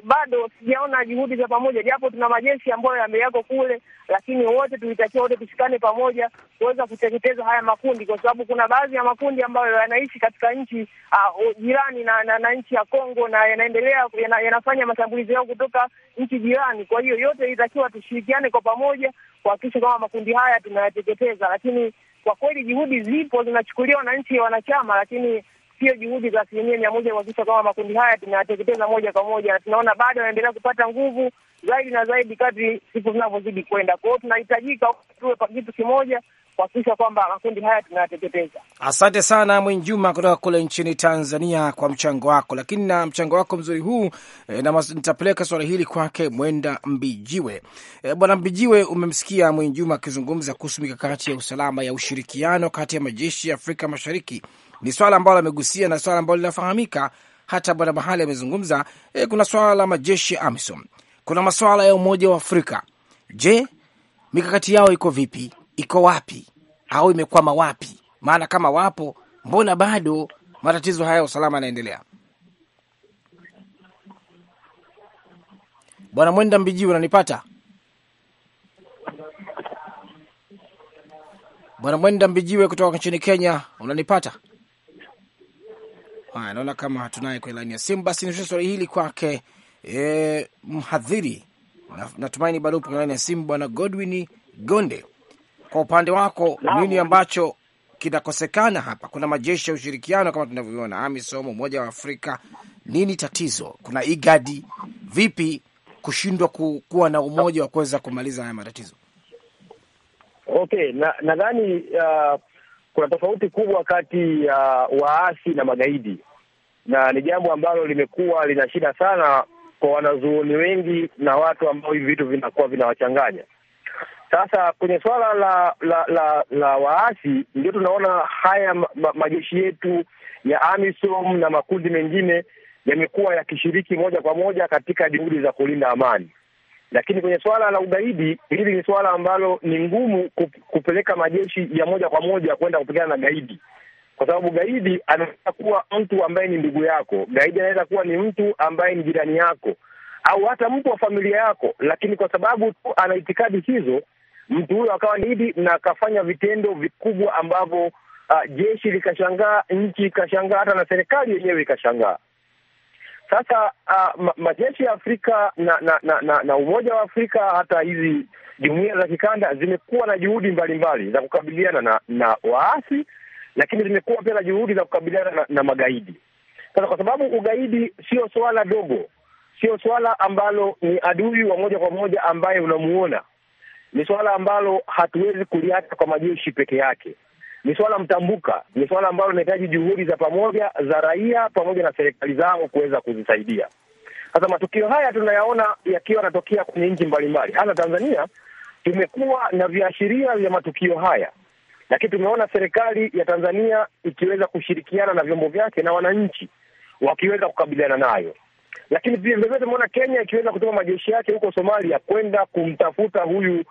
[SPEAKER 8] bado sijaona juhudi za pamoja, japo tuna majeshi ambayo yameyako kule, lakini wote tulitakiwa wote tushikane pamoja kuweza kuteketeza haya makundi, kwa sababu kuna baadhi ya makundi ambayo yanaishi katika nchi uh, jirani na, na, na nchi ya Kongo na yanaendelea yana, yanafanya mashambulizi yao kutoka nchi jirani. Kwa hiyo yote ilitakiwa tushirikiane kwa pamoja kuhakikisha kwamba makundi haya tunayateketeza, lakini kwa kweli juhudi zipo zinachukuliwa na nchi ya wanachama, lakini sio juhudi za asilimia mia moja kuhakikisha kwamba makundi haya tunayateketeza moja kwa moja, na tunaona bado yanaendelea kupata nguvu zaidi na zaidi kadri siku zinavyozidi kwenda. Kwa hiyo tunahitajika tuwe kwa kitu kimoja kuhakikisha kwamba makundi haya tunayateketeza.
[SPEAKER 1] Asante sana Mwinjuma kutoka kule nchini Tanzania kwa mchango wako, lakini na mchango wako mzuri huu e, na nitapeleka swala hili kwake Mwenda Mbijiwe. E, Bwana Mbijiwe, umemsikia Mwinjuma akizungumza kuhusu mikakati ya usalama ya ushirikiano kati ya majeshi ya Afrika Mashariki ni swala ambalo amegusia na swala ambalo linafahamika. Hata Bwana Mahali amezungumza e, kuna swala la majeshi ya AMISOM, kuna maswala ya Umoja wa Afrika. Je, mikakati yao iko vipi? Iko wapi au imekwama wapi? Maana kama wapo, mbona bado matatizo haya ya usalama yanaendelea? Bwana Mwenda Mbiji, unanipata? Bwana Mwenda Mbijiwe kutoka nchini Kenya, unanipata? Haya, naona kama hatunaye kwa ilani ya simu, basi nishe swali hili kwake e, mhadhiri. Natumaini bado upo kwa ya simu, Bwana Godwin Gonde. Kwa upande wako nini ambacho kinakosekana hapa? Kuna majeshi ya ushirikiano kama tunavyoona, AMISOM, Umoja wa Afrika. Nini tatizo? Kuna IGADI, vipi kushindwa kuwa na umoja wa kuweza kumaliza haya matatizo? Okay,
[SPEAKER 4] nadhani na uh, kuna tofauti kubwa kati ya uh, waasi na magaidi na ni jambo ambalo limekuwa lina shida sana kwa wanazuoni wengi na watu ambao hivi vitu vinakuwa vinawachanganya. Sasa kwenye swala la la la, la waasi ndio tunaona haya ma, ma, majeshi yetu ya AMISOM na makundi mengine yamekuwa yakishiriki moja kwa moja katika juhudi za kulinda amani, lakini kwenye swala la ugaidi, hili ni swala ambalo ni ngumu kupeleka majeshi ya moja kwa moja kwenda kupigana na gaidi kwa sababu gaidi anaweza kuwa mtu ambaye ni ndugu yako, gaidi anaweza kuwa ni mtu ambaye ni jirani yako, au hata mtu wa familia yako, lakini kwa sababu tu ana itikadi hizo, mtu huyo akawa nidi na akafanya vitendo vikubwa ambavyo Uh, jeshi likashangaa, nchi ikashangaa, hata na serikali yenyewe ikashangaa. Sasa uh, majeshi ya Afrika na na, na na na Umoja wa Afrika, hata hizi jumuia za kikanda zimekuwa na juhudi mbalimbali za kukabiliana na, na waasi lakini zimekuwa pia na juhudi za kukabiliana na, na magaidi. Sasa kwa sababu ugaidi sio swala dogo, sio swala ambalo ni adui wa moja kwa moja ambaye unamuona, ni swala ambalo hatuwezi kuliacha kwa majeshi peke yake. Ni swala mtambuka, ni swala ambalo linahitaji juhudi za pamoja za raia pamoja na serikali zao kuweza kuzisaidia. Sasa matukio haya tunayaona yakiwa yanatokea kwenye nchi mbalimbali, hasa Tanzania tumekuwa na viashiria vya matukio haya lakini tumeona serikali ya Tanzania ikiweza kushirikiana na vyombo vyake na wananchi wakiweza kukabiliana nayo, lakini pia vilevile tumeona Kenya ikiweza kutoka majeshi yake huko Somalia kwenda kumtafuta huyu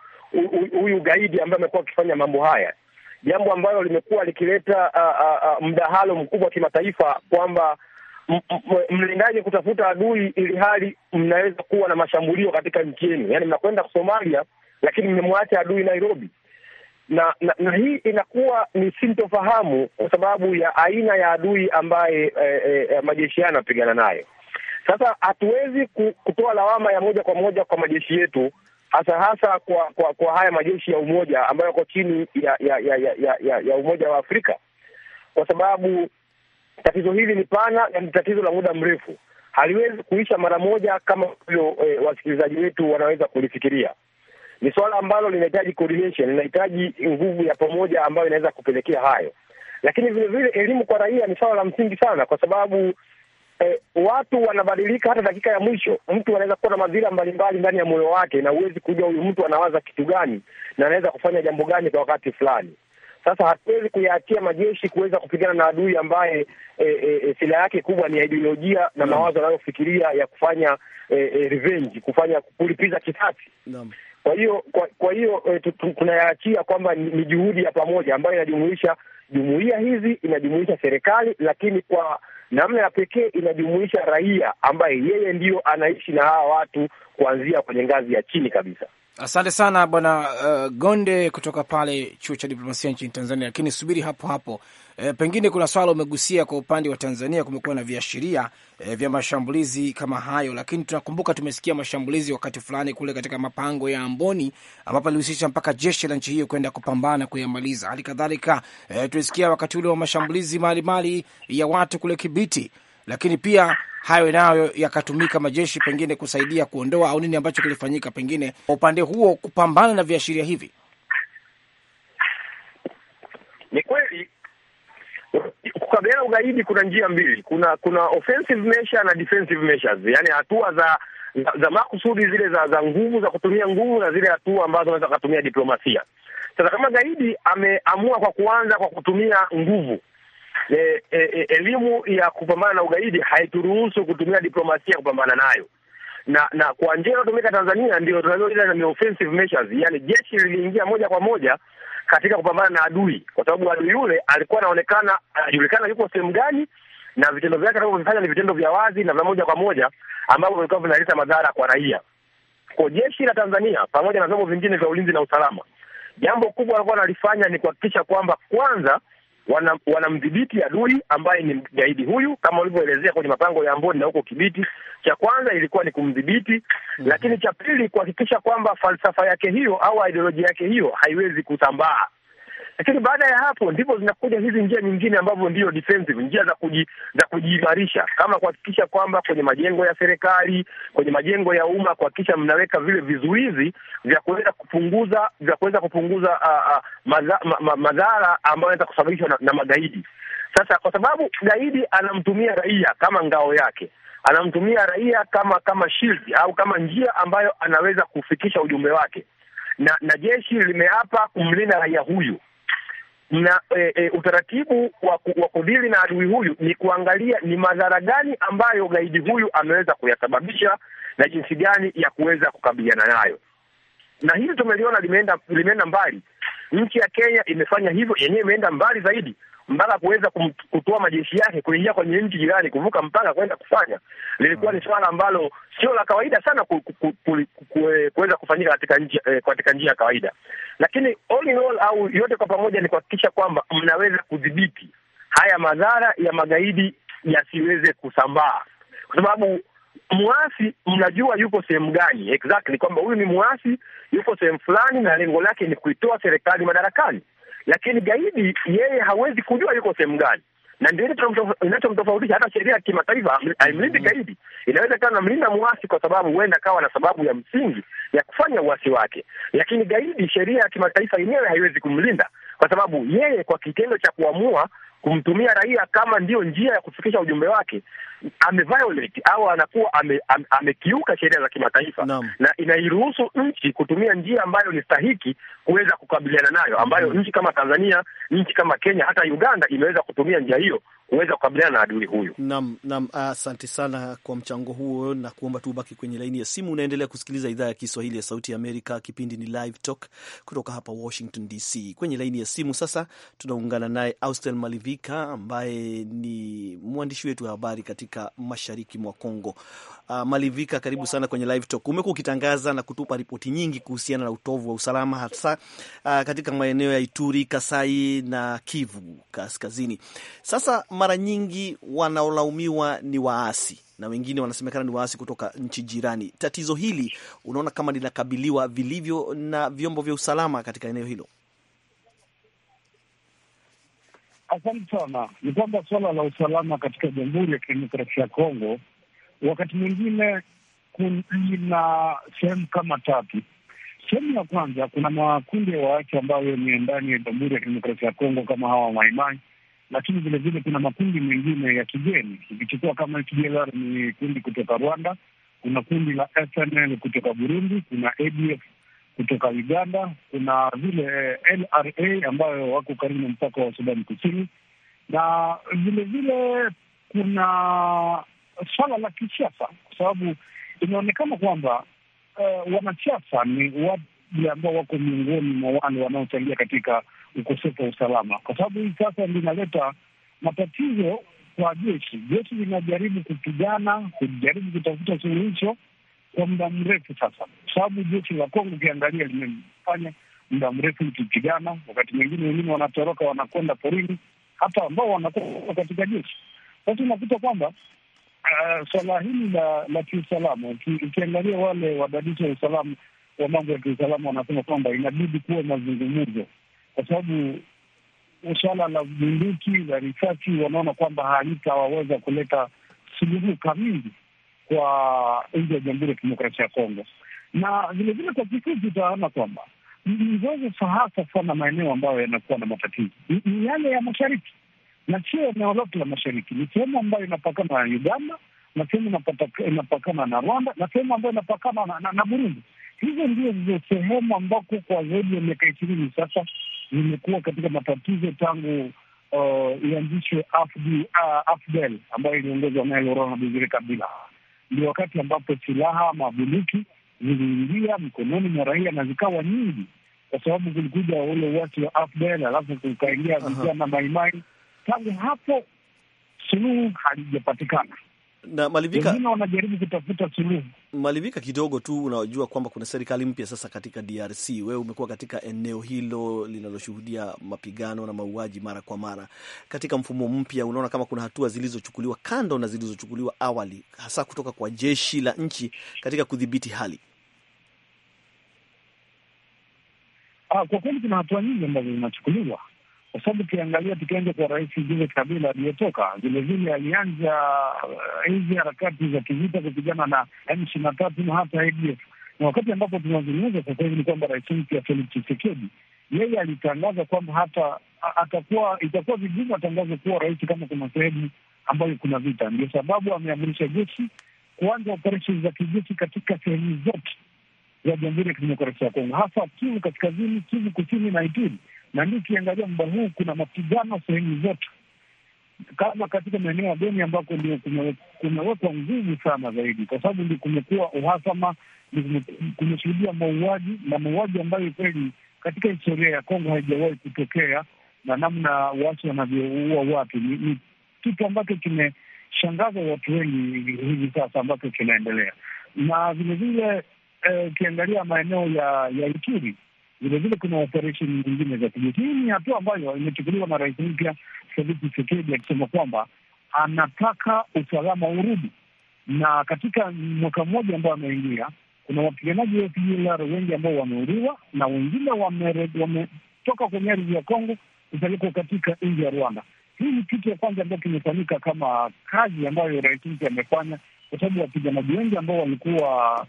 [SPEAKER 4] huyu gaidi ambaye amekuwa akifanya mambo haya, jambo ambalo limekuwa likileta mdahalo mkubwa wa kimataifa kwamba mlendaje kutafuta adui ili hali mnaweza kuwa na mashambulio katika nchi yenu? Yaani mnakwenda Somalia, lakini mmemwacha adui Nairobi na, na, na hii inakuwa ni sintofahamu kwa sababu ya aina ya adui ambaye eh, eh, eh majeshi haya yanapigana nayo. Sasa hatuwezi kutoa lawama ya moja kwa moja kwa majeshi yetu hasa hasa kwa, kwa, kwa haya majeshi ya umoja ambayo yako chini ya ya, ya, ya, ya ya Umoja wa Afrika kwa sababu tatizo hili ni pana na ni tatizo la muda mrefu, haliwezi kuisha mara moja kama hivyo eh, wasikilizaji wetu wanaweza kulifikiria ni suala ambalo linahitaji coordination, linahitaji nguvu ya pamoja ambayo inaweza kupelekea hayo. Lakini vile vile elimu kwa raia ni suala la msingi sana, kwa sababu eh, watu wanabadilika hata dakika ya mwisho. Mtu anaweza kuwa na madhila mbalimbali ndani ya moyo wake, na huwezi kujua huyu mtu anawaza kitu gani na anaweza kufanya jambo gani kwa wakati fulani. Sasa hatuwezi kuyaachia majeshi kuweza kupigana na adui ambaye e, e, yake kubwa ni ideolojia na mawazo anayofikiria ya kufanya e, e, revenge, kufanya kulipiza kisasi. Kwa hiyo kwa, kwa hiyo eh, tunayaachia kwamba ni juhudi ya pamoja ambayo inajumuisha jumuiya hizi, inajumuisha serikali, lakini kwa namna ya pekee inajumuisha raia ambaye yeye ndiyo anaishi na hawa watu kuanzia kwenye ngazi ya chini kabisa.
[SPEAKER 1] Asante sana bwana uh, Gonde kutoka pale chuo cha diplomasia nchini Tanzania. Lakini subiri hapo hapo, e, pengine kuna swala umegusia kwa upande wa Tanzania, kumekuwa na viashiria e, vya mashambulizi kama hayo, lakini tunakumbuka tumesikia mashambulizi wakati fulani kule katika mapango ya Amboni ambapo alihusisha mpaka jeshi la nchi hiyo kwenda kupambana kuyamaliza. Hali kadhalika e, eh, tulisikia wakati ule wa mashambulizi malimali ya watu kule Kibiti lakini pia hayo nayo yakatumika majeshi pengine kusaidia kuondoa au nini ambacho kilifanyika pengine kwa upande huo kupambana na viashiria hivi? Ni kweli kukabiliana ugaidi kuna njia
[SPEAKER 4] mbili, kuna kuna offensive measure na defensive measures, yani hatua za za, za makusudi zile za za nguvu za kutumia nguvu na zile hatua ambazo unaweza kutumia diplomasia. Sasa kama gaidi ameamua kwa kuanza kwa kutumia nguvu E, e, e, elimu ya kupambana na ugaidi haituruhusu kutumia diplomasia kupambana nayo na na kwa njia inayotumika Tanzania ndio tunazoita ni offensive measures, yani jeshi liliingia moja kwa moja katika kupambana na adui, kwa sababu adui yule alikuwa anaonekana, anajulikana yuko sehemu gani, na vitendo vyake anavyovifanya ni vitendo vya wazi na vya moja kwa moja ambavyo vilikuwa vinaleta madhara kwa raia. Kwa jeshi la Tanzania pamoja na vyombo vingine vya ulinzi na usalama, jambo kubwa alikuwa analifanya ni kuhakikisha kwamba kwanza wanamdhibiti wana adui ambaye ni gaidi huyu, kama ulivyoelezea kwenye mapango ya Mboni na huko Kibiti. Cha kwanza ilikuwa ni kumdhibiti mm -hmm. Lakini cha pili kuhakikisha kwamba falsafa yake hiyo au ideolojia yake hiyo haiwezi kusambaa lakini baada ya hapo ndipo zinakuja hizi njia nyingine ambavyo ndio defensive, njia za kuji, za kujiimarisha kama kuhakikisha kwamba kwenye majengo ya serikali, kwenye majengo ya umma, kuhakikisha mnaweka vile vizuizi vya kuweza kupunguza vya kuweza kupunguza uh, uh, madhara ma, ma, madhara ambayo yanaweza kusababishwa na, na magaidi. Sasa kwa sababu gaidi anamtumia raia kama ngao yake anamtumia raia kama kama shield au kama njia ambayo anaweza kufikisha ujumbe wake, na na jeshi limeapa kumlinda raia huyu na e, e, utaratibu wa kudili na adui huyu ni kuangalia ni madhara gani ambayo gaidi huyu ameweza kuyasababisha na jinsi gani ya kuweza kukabiliana nayo, na hili tumeliona limeenda limeenda mbali. Nchi ya Kenya imefanya hivyo yenyewe, imeenda mbali zaidi mpaka kuweza kutoa majeshi yake kuingia kwenye nchi jirani, kuvuka mpaka kwenda kufanya, lilikuwa ni mm. swala ambalo sio la kawaida sana ku, ku, ku, ku, ku, kuweza kufanyika katika njia eh, katika njia ya kawaida. Lakini all in all, au yote kwa pamoja, ni kuhakikisha kwamba mnaweza kudhibiti haya madhara ya magaidi yasiweze kusambaa, kwa sababu muasi mnajua yuko sehemu gani exactly, kwamba huyu ni muasi yuko sehemu fulani, na lengo lake ni kuitoa serikali madarakani lakini gaidi yeye hawezi kujua yuko sehemu gani na ndio inachomtofautisha. Hata sheria ya kimataifa haimlindi mm-hmm. gaidi, inaweza ikawa namlinda mwasi kwa sababu huenda akawa na sababu ya msingi ya kufanya uasi wake, lakini gaidi, sheria ya kimataifa yenyewe haiwezi kumlinda kwa sababu yeye, kwa kitendo cha kuamua kumtumia raia kama ndiyo njia ya kufikisha ujumbe wake, ameviolate au anakuwa ame, ame, amekiuka sheria za kimataifa na inairuhusu nchi kutumia njia ambayo ni stahiki kuweza kukabiliana nayo, ambayo mm. nchi kama Tanzania, nchi kama Kenya, hata Uganda imeweza kutumia njia hiyo kuweza kukabiliana na adui
[SPEAKER 2] huyu. Naam, naam, asante sana kwa mchango huo, na kuomba tu ubaki kwenye laini ya simu. Unaendelea kusikiliza idhaa ya Kiswahili ya Sauti ya Amerika, kipindi ni Live Talk kutoka hapa Washington DC. Kwenye laini ya simu sasa tunaungana naye Austel Malivika ambaye ni mwandishi wetu wa habari katika Afrika mashariki mwa Kongo. Uh, Malivika, karibu sana kwenye Live Talk. Umekuwa ukitangaza na kutupa ripoti nyingi kuhusiana na utovu wa usalama hasa uh, katika maeneo ya Ituri, Kasai na Kivu Kaskazini. Sasa mara nyingi wanaolaumiwa ni waasi na wengine wanasemekana ni waasi kutoka nchi jirani. Tatizo hili unaona kama linakabiliwa vilivyo na vyombo vya usalama katika eneo hilo?
[SPEAKER 5] Asante sana. Ni kwamba suala la usalama katika Jamhuri ya Kidemokrasia ya Kongo wakati mwingine lina sehemu kama tatu. Sehemu ya kwanza, kuna makundi ya waasi ambayo ni ndani ya Jamhuri ya Kidemokrasia ya Kongo kama hawa Maimai, lakini vilevile kuna makundi mengine ya kigeni. Ikichukua kama FDLR ni kundi kutoka Rwanda, kuna kundi la SNL kutoka Burundi, kuna ADF kutoka Uganda, kuna vile eh, LRA ambayo wako karibu na mpaka wa Sudani Kusini, na vilevile kuna swala la kisiasa, kwa sababu inaonekana kwamba uh, wanasiasa ni wale ambao wako miongoni mwa wale wanaochangia katika ukosefu wa usalama, kwa sababu hii sasa linaleta matatizo kwa jeshi. Jeshi linajaribu kupigana, kujaribu kutafuta suluhisho kwa muda mrefu sasa, kwa sababu jeshi la Kongo ukiangalia limefanya muda mrefu likipigana, wakati mwingine wengine wanatoroka wanakwenda porini, hata ambao wanakuwa katika jeshi. Sasa unakuta kwamba uh, swala hili la la kiusalama, ukiangalia wale wadadisi wa usalama wa mambo ya kiusalama wanasema kwamba inabidi kuwa mazungumzo, kwa sababu swala la bunduki la risasi wanaona kwamba halitawaweza kuleta suluhu kamili kwa nchi ya Jamhuri ya Kidemokrasia ya Kongo. Na vilevile kwa kifupi, utaona kwamba mzozo sahasa sana maeneo ambayo yanakuwa na matatizo ni yale ya mashariki, na sio eneo lote la mashariki. Ni sehemu ambayo inapakana na Uganda na sehemu inapakana na Rwanda na sehemu ambayo inapakana na, na, na Burundi. Hizo ndio sehemu ambako kwa zaidi ya miaka ishirini sasa zimekuwa katika matatizo tangu uh, ianzishwe uh, ambayo iliongozwa naye Laurent Desire Kabila ni wakati ambapo silaha ama bunduki ziliingia mikononi mwa raia na zikawa nyingi, kwa sababu kulikuja ule uwasi wa AFDL alafu kukaingia vijana Maimai. Tangu hapo suluhu halijapatikana
[SPEAKER 2] na malivika wengine
[SPEAKER 5] wanajaribu kutafuta suluhu.
[SPEAKER 2] Malivika, kidogo tu, unajua kwamba kuna serikali mpya sasa katika DRC. Wewe umekuwa katika eneo hilo linaloshuhudia mapigano na mauaji mara kwa mara. Katika mfumo mpya, unaona kama kuna hatua zilizochukuliwa kando na zilizochukuliwa awali, hasa kutoka kwa jeshi la nchi katika kudhibiti hali?
[SPEAKER 5] Ah, kwa kweli kuna hatua nyingi ambazo zinachukuliwa kwa sababu ukiangalia tukianza kwa rais Joseph Kabila aliyetoka vilevile, alianza eh, hizi harakati za kivita kupigana na M ishirini na tatu na hata ADF na wakati ambapo tunazungumza sasa hivi ni kwamba rais mpya Felix Tshisekedi yeye alitangaza kwamba hata atakuwa itakuwa vigumu atangaze kuwa rais kama kuna sehemu ambayo kuna vita. Ndio sababu ameamrisha jeshi kuanza operesheni za kijeshi katika sehemu zote za Jamhuri ya Kidemokrasia ya Kongo, hasa Kivu Kaskazini, Kivu Kusini na Ituri na ndio ukiangalia muda huu kuna mapigano sehemu zote, kama katika maeneo ya Beni ambako ndio kumewekwa nguvu sana zaidi, kwa sababu ndio kumekuwa uhasama, kumeshuhudia mauaji na mauaji ambayo kweli katika historia ya Kongo haijawahi kutokea, na namna watu wanavyoua watu ni, ni kitu ambacho kimeshangaza watu wengi hivi sasa ambacho kinaendelea, na vilevile eh, ukiangalia eh, maeneo ya ya Ituri Vilevile kuna operesheni nyingine za kijeshi. Hii ni hatua ambayo imechukuliwa na rais mpya Felix Tshisekedi akisema kwamba anataka usalama urudi, na katika mwaka mmoja ambao ameingia kuna wapiganaji wa FDLR wengi ambao wameuliwa na wengine wametoka kwenye ardhi ya Kongo kupelekwa katika nji ya Rwanda. Hii ni kitu ya kwanza ambayo kimefanyika kama kazi ambayo rais mpya amefanya, kwa sababu wapiganaji wengi ambao walikuwa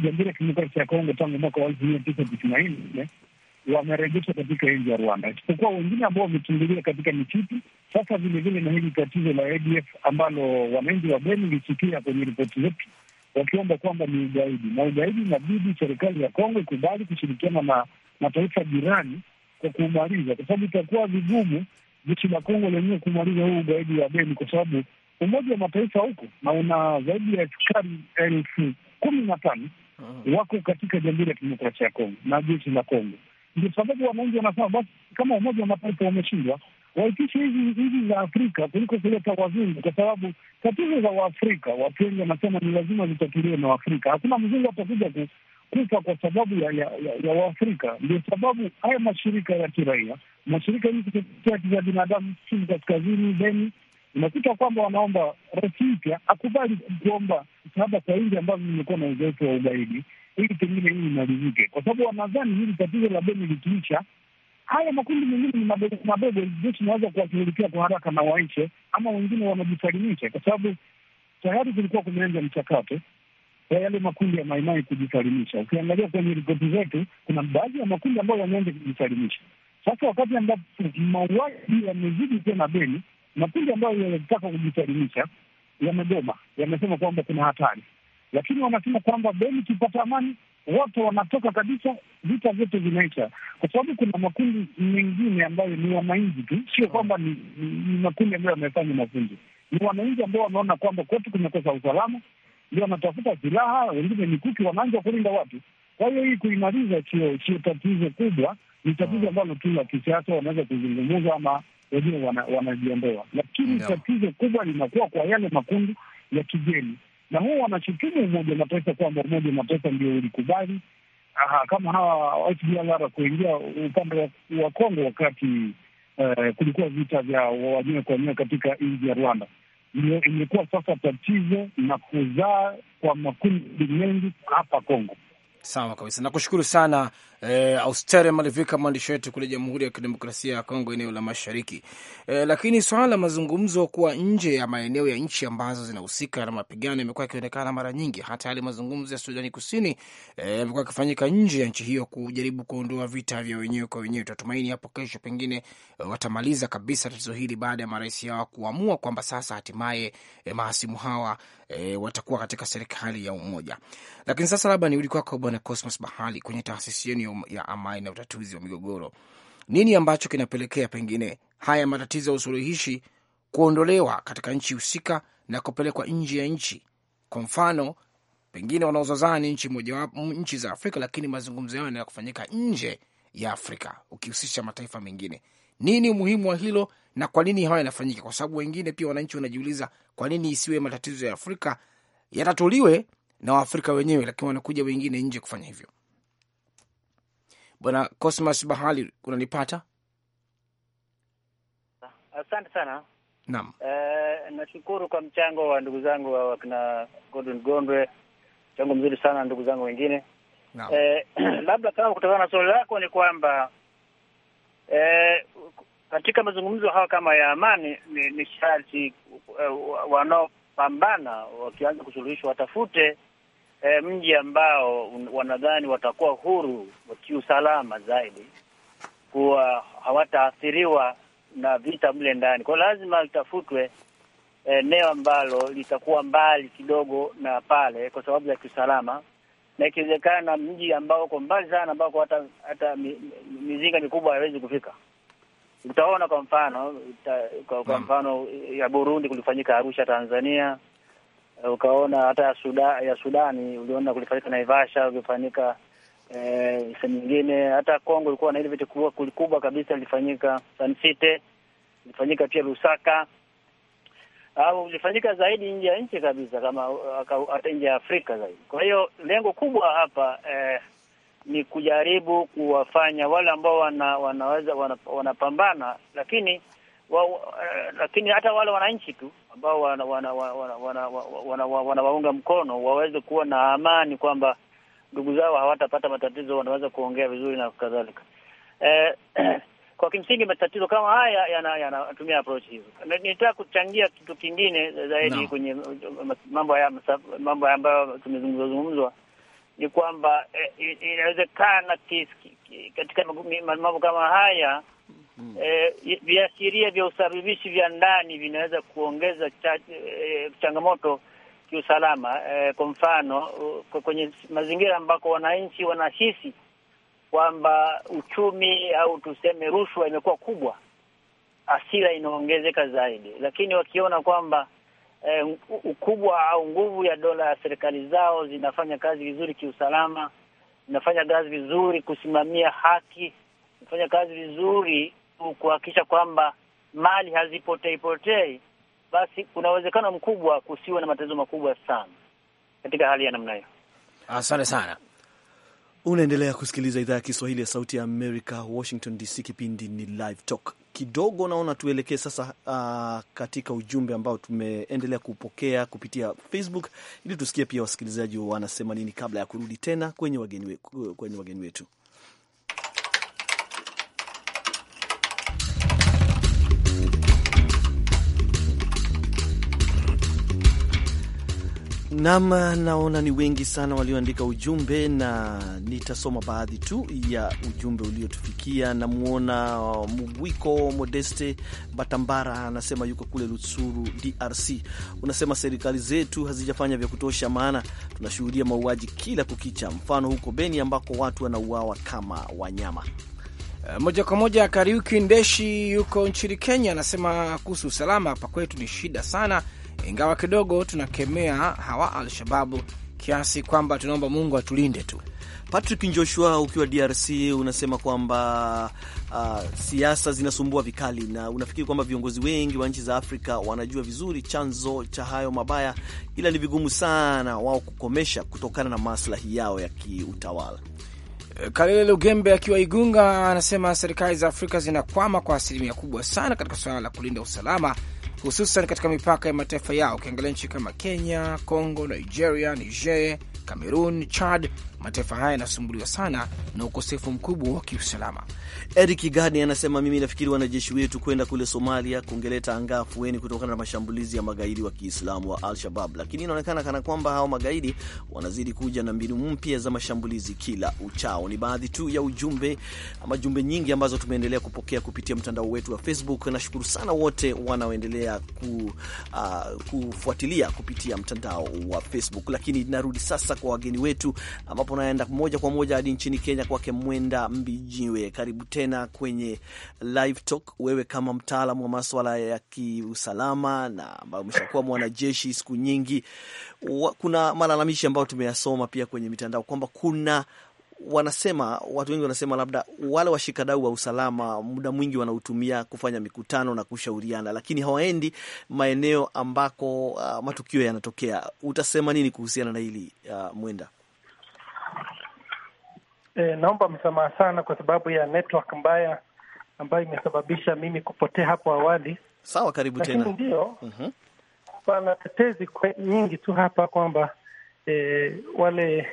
[SPEAKER 5] Jamhuri ya Kidemokrasia ya Kongo tangu mwaka wa elfu mia tisa tisini na nne eh, wamerejeshwa katika nji ya Rwanda, isipokuwa wengine ambao wamechungulia katika misitu. Sasa vilevile na hili tatizo la ADF ambalo wananchi wa Beni lisikia kwenye ripoti zetu wakiomba kwamba ni ugaidi na ugaidi, inabidi serikali ya Kongo ikubali kushirikiana na mataifa jirani kwa kuumaliza, kwa sababu itakuwa vigumu jeshi la Kongo lenyewe kumaliza huu ugaidi wa Beni, kwa sababu Umoja wa Mataifa huko na una zaidi ya askari elfu kumi na tano mm. wako katika Jamhuri ya Kidemokrasia ya Kongo na jeshi la Kongo. Ndio sababu wanaingi wanasema basi, kama Umoja wa Mataifa umeshindwa, waitishe hizi nchi za Afrika kuliko kuleta wazungu, kwa sababu tatizo za Waafrika watu wengi wanasema ni lazima zitatuliwe na Waafrika. Hakuna mzungu atakuja kufa kwa sababu ya ya, ya Waafrika. Ndio sababu haya mashirika ya kiraia, mashirika yenye kutetea haki za binadamu Kivu Kaskazini, Beni unakuta kwamba wanaomba rais mpya akubali kuomba msaada kwa nchi ambazo zimekuwa na uzoefu wa ugaidi, ili pengine hii imalizike, kwa sababu wanadhani hili tatizo la Beni likiisha haya makundi mengine ni madogo madogo, jeshi inaweza kuwashughulikia kwa haraka na waishe, ama wengine wanajisalimisha, kwa sababu tayari kulikuwa kumeanza mchakato wa yale makundi ya maimai kujisalimisha. Ukiangalia kwenye ripoti zetu, kuna baadhi ya makundi ambayo yameanza kujisalimisha. Sasa wakati ambapo mauaji yamezidi tena Beni, Makundi ambayo yanataka kujisalimisha yamegoma, yamesema kwamba kuna hatari, lakini wanasema kwamba Beni kipata amani wote wanatoka kabisa, vita vyote vinaisha, kwa sababu kuna makundi mengine ambayo ni wananchi tu, sio kwamba ni, ni, ni makundi ambayo yamefanya mafunzo. Ni wananchi ambao wameona kwamba kwetu kumekosa usalama, ndio wanatafuta silaha, wengine mikuki, wanaanza kulinda watu. Kwa hiyo hii kuimaliza sio tatizo kubwa, ni tatizo ambalo tu la kisiasa wanaweza kuzungumuza ama wenyewe wanajiondoa, lakini yeah, tatizo kubwa linakuwa kwa yale makundi ya kigeni, na huo wanashutumu Umoja Mataifa kwamba Umoja Mataifa ndio ulikubali kama hawa FDLR kuingia upande wa, Kongo wakati eh, kulikuwa vita vya wenyewe kwa wenyewe katika nchi ya Rwanda. Imekuwa sasa tatizo na kuzaa kwa makundi mengi hapa Kongo.
[SPEAKER 1] Sawa kabisa, nakushukuru sana eh, Austere Malivika, mwandishi wetu kule Jamhuri ya Kidemokrasia ya Kongo, eneo la mashariki eh, lakini swala la mazungumzo kuwa nje ya maeneo ya nchi ambazo zinahusika na mapigano imekuwa ikionekana mara nyingi. Hata yale mazungumzo ya Sudani Kusini eh, yamekuwa eh, akifanyika nje ya nchi hiyo kujaribu kuondoa vita vya wenyewe kwa wenyewe. Tunatumaini hapo kesho pengine eh, watamaliza kabisa tatizo hili baada ya marais hawa kuamua kwamba sasa hatimaye eh, mahasimu hawa e, watakuwa katika serikali ya umoja. Lakini sasa labda nirudi kwako Bwana Cosmas Bahali kwenye taasisi yenu ya ya amani na utatuzi wa migogoro. Nini ambacho kinapelekea pengine haya matatizo ya usuluhishi kuondolewa katika nchi husika na kupelekwa nje ya nchi? Kwa mfano, pengine wanaozozana ni nchi mojawapo nchi za Afrika, lakini mazungumzo yao yanaenda kufanyika nje ya Afrika ukihusisha mataifa mengine. Nini umuhimu wa hilo na kwa nini hawa yanafanyika? Kwa sababu wengine pia wananchi wanajiuliza kwa nini isiwe matatizo ya Afrika yatatuliwe na Waafrika wenyewe, lakini wanakuja wengine nje kufanya hivyo. Bwana Cosmas Bahali, unanipata?
[SPEAKER 3] Asante sana. Naam, Uh, nashukuru kwa mchango wa ndugu zangu wa wakina Gordon Gondwe, mchango mzuri sana ndugu zangu wengine. Naam. Eh, labda kama kutokana na swali lako ni kwamba uh, katika mazungumzo hawa kama ya amani ni, ni sharti uh, wanaopambana wakianza kusuluhishwa watafute e, mji ambao wanadhani watakuwa huru kiusalama zaidi, kuwa hawataathiriwa na vita mle ndani. Kwa lazima litafutwe eh, eneo ambalo litakuwa mbali kidogo na pale, kwa sababu ya kiusalama, na ikiwezekana mji ambao uko mbali sana, ambako hata hata mizinga mikubwa haiwezi kufika. Utaona kwa mfano kwa, kwa mfano ya Burundi kulifanyika Arusha, Tanzania ukaona hata ya, Suda, ya Sudani uliona kulifanyika Naivasha, ulifanyika eh, sehemu nyingine. Hata Kongo ilikuwa na ile vitu kubwa kulikubwa kabisa lilifanyika San Site, lilifanyika pia Lusaka, au ulifanyika zaidi nje ya nchi kabisa, kama hata nje ya Afrika zaidi. Kwa hiyo lengo kubwa hapa eh, ni kujaribu kuwafanya wale ambao wana, wanaweza wanapambana, lakini wa, eh, lakini hata wale wananchi tu ambao wanawaunga mkono waweze kuwa na amani kwamba ndugu zao hawatapata matatizo, wanaweza kuongea vizuri na kadhalika. Eh, kwa kimsingi matatizo kama haya yanatumia approach hizo. Nitaka kuchangia kitu kingine zaidi no. kwenye mambo haya mambo ambayo tumezungumzwa ni kwamba eh, inawezekana katika mambo kama haya E, viashiria vya usababishi vya ndani vinaweza kuongeza cha, e, changamoto kiusalama. E, kwa mfano kwenye mazingira ambako wananchi wanahisi kwamba uchumi au tuseme rushwa imekuwa kubwa, asira inaongezeka zaidi, lakini wakiona kwamba e, ukubwa au nguvu ya dola ya serikali zao zinafanya kazi vizuri kiusalama, zinafanya kazi vizuri kusimamia haki, zinafanya kazi vizuri tu kuhakikisha kwamba mali hazipotei potei, basi kuna uwezekano mkubwa kusiwa na matatizo makubwa sana katika hali ya namna hiyo.
[SPEAKER 1] Asante sana.
[SPEAKER 2] Unaendelea kusikiliza idhaa ya Kiswahili ya Sauti ya Amerika, Washington DC. Kipindi ni Live Talk. Kidogo naona tuelekee sasa uh, katika ujumbe ambao tumeendelea kupokea kupitia Facebook ili tusikie pia wasikilizaji wanasema nini, kabla ya kurudi tena kwenye wageni wetu, kwenye wageni wetu. Nam, naona ni wengi sana walioandika ujumbe na nitasoma baadhi tu ya ujumbe uliotufikia. Namwona Mugwiko Modeste Batambara anasema yuko kule Lusuru, DRC. Unasema serikali zetu hazijafanya vya kutosha, maana tunashuhudia mauaji kila kukicha, mfano
[SPEAKER 1] huko Beni ambako watu wanauawa kama wanyama. Eh, moja kwa moja, Kariuki Ndeshi yuko nchini Kenya anasema kuhusu usalama, hapa kwetu ni shida sana ingawa kidogo tunakemea hawa Al-Shababu kiasi kwamba tunaomba Mungu atulinde tu.
[SPEAKER 2] Patrick joshua ukiwa DRC unasema kwamba uh, siasa zinasumbua vikali, na unafikiri kwamba viongozi wengi wa nchi za Afrika wanajua vizuri chanzo cha hayo mabaya, ila ni vigumu sana wao kukomesha kutokana na maslahi yao ya
[SPEAKER 1] kiutawala. Kalele Lugembe akiwa Igunga anasema serikali za Afrika zinakwama kwa asilimia kubwa sana katika suala la kulinda usalama hususan katika mipaka ya mataifa yao, ukiangalia nchi kama Kenya, Congo, Nigeria, Niger, Cameroon, Chad mataifa haya yanasumbuliwa sana na ukosefu mkubwa wa kiusalama. Eric Gadi anasema, mimi
[SPEAKER 2] nafikiri wanajeshi wetu kwenda kule Somalia kungeleta angaa afueni kutokana na mashambulizi ya magaidi wa Kiislamu wa Al-Shabab, lakini inaonekana kana kwamba hao magaidi wanazidi kuja na mbinu mpya za mashambulizi kila uchao. Ni baadhi tu ya ujumbe ama jumbe nyingi ambazo tumeendelea kupokea kupitia mtandao wetu wa Facebook. Nashukuru sana wote wanaoendelea ku, uh, kufuatilia kupitia mtandao wa Facebook, lakini narudi sasa kwa wageni wetu ambapo ambapo naenda moja kwa moja hadi nchini Kenya kwake Mwenda Mbijiwe. Karibu tena kwenye Live Talk, wewe kama mtaalam wa maswala ya kiusalama na ambayo umeshakuwa mwanajeshi siku nyingi. Kuna malalamishi ambayo tumeyasoma pia kwenye mitandao kwamba kuna wanasema watu wengi wanasema, labda wale washikadau wa usalama muda mwingi wanautumia kufanya mikutano na kushauriana, lakini hawaendi maeneo ambako uh, matukio yanatokea. Utasema nini kuhusiana na hili uh, Mwenda?
[SPEAKER 7] E, naomba msamaha sana kwa sababu ya network mbaya ambayo imesababisha mimi kupotea hapo awali. Sawa, karibu tena. Ndio, mhm. pana tetezi nyingi tu hapa kwamba e, wale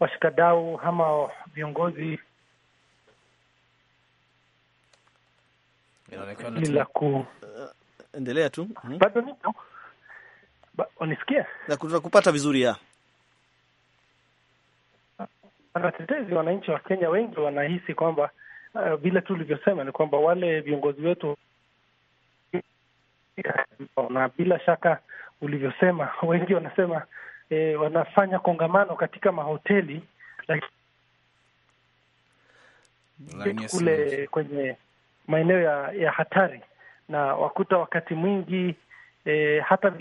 [SPEAKER 7] washikadau ama viongozi
[SPEAKER 5] bila ku eh,
[SPEAKER 2] endelea tu mhm. bado nipo, unisikia na kupata vizuri ya
[SPEAKER 7] wanatetezi, wananchi wa Kenya wengi wanahisi kwamba uh, vile uh, ulivyosema ni kwamba wale viongozi wetu na bila shaka ulivyosema, wengi wanasema eh, wanafanya kongamano katika mahoteli
[SPEAKER 3] lakini kule kwenye
[SPEAKER 7] maeneo ya, ya hatari na wakuta wakati mwingi eh, hata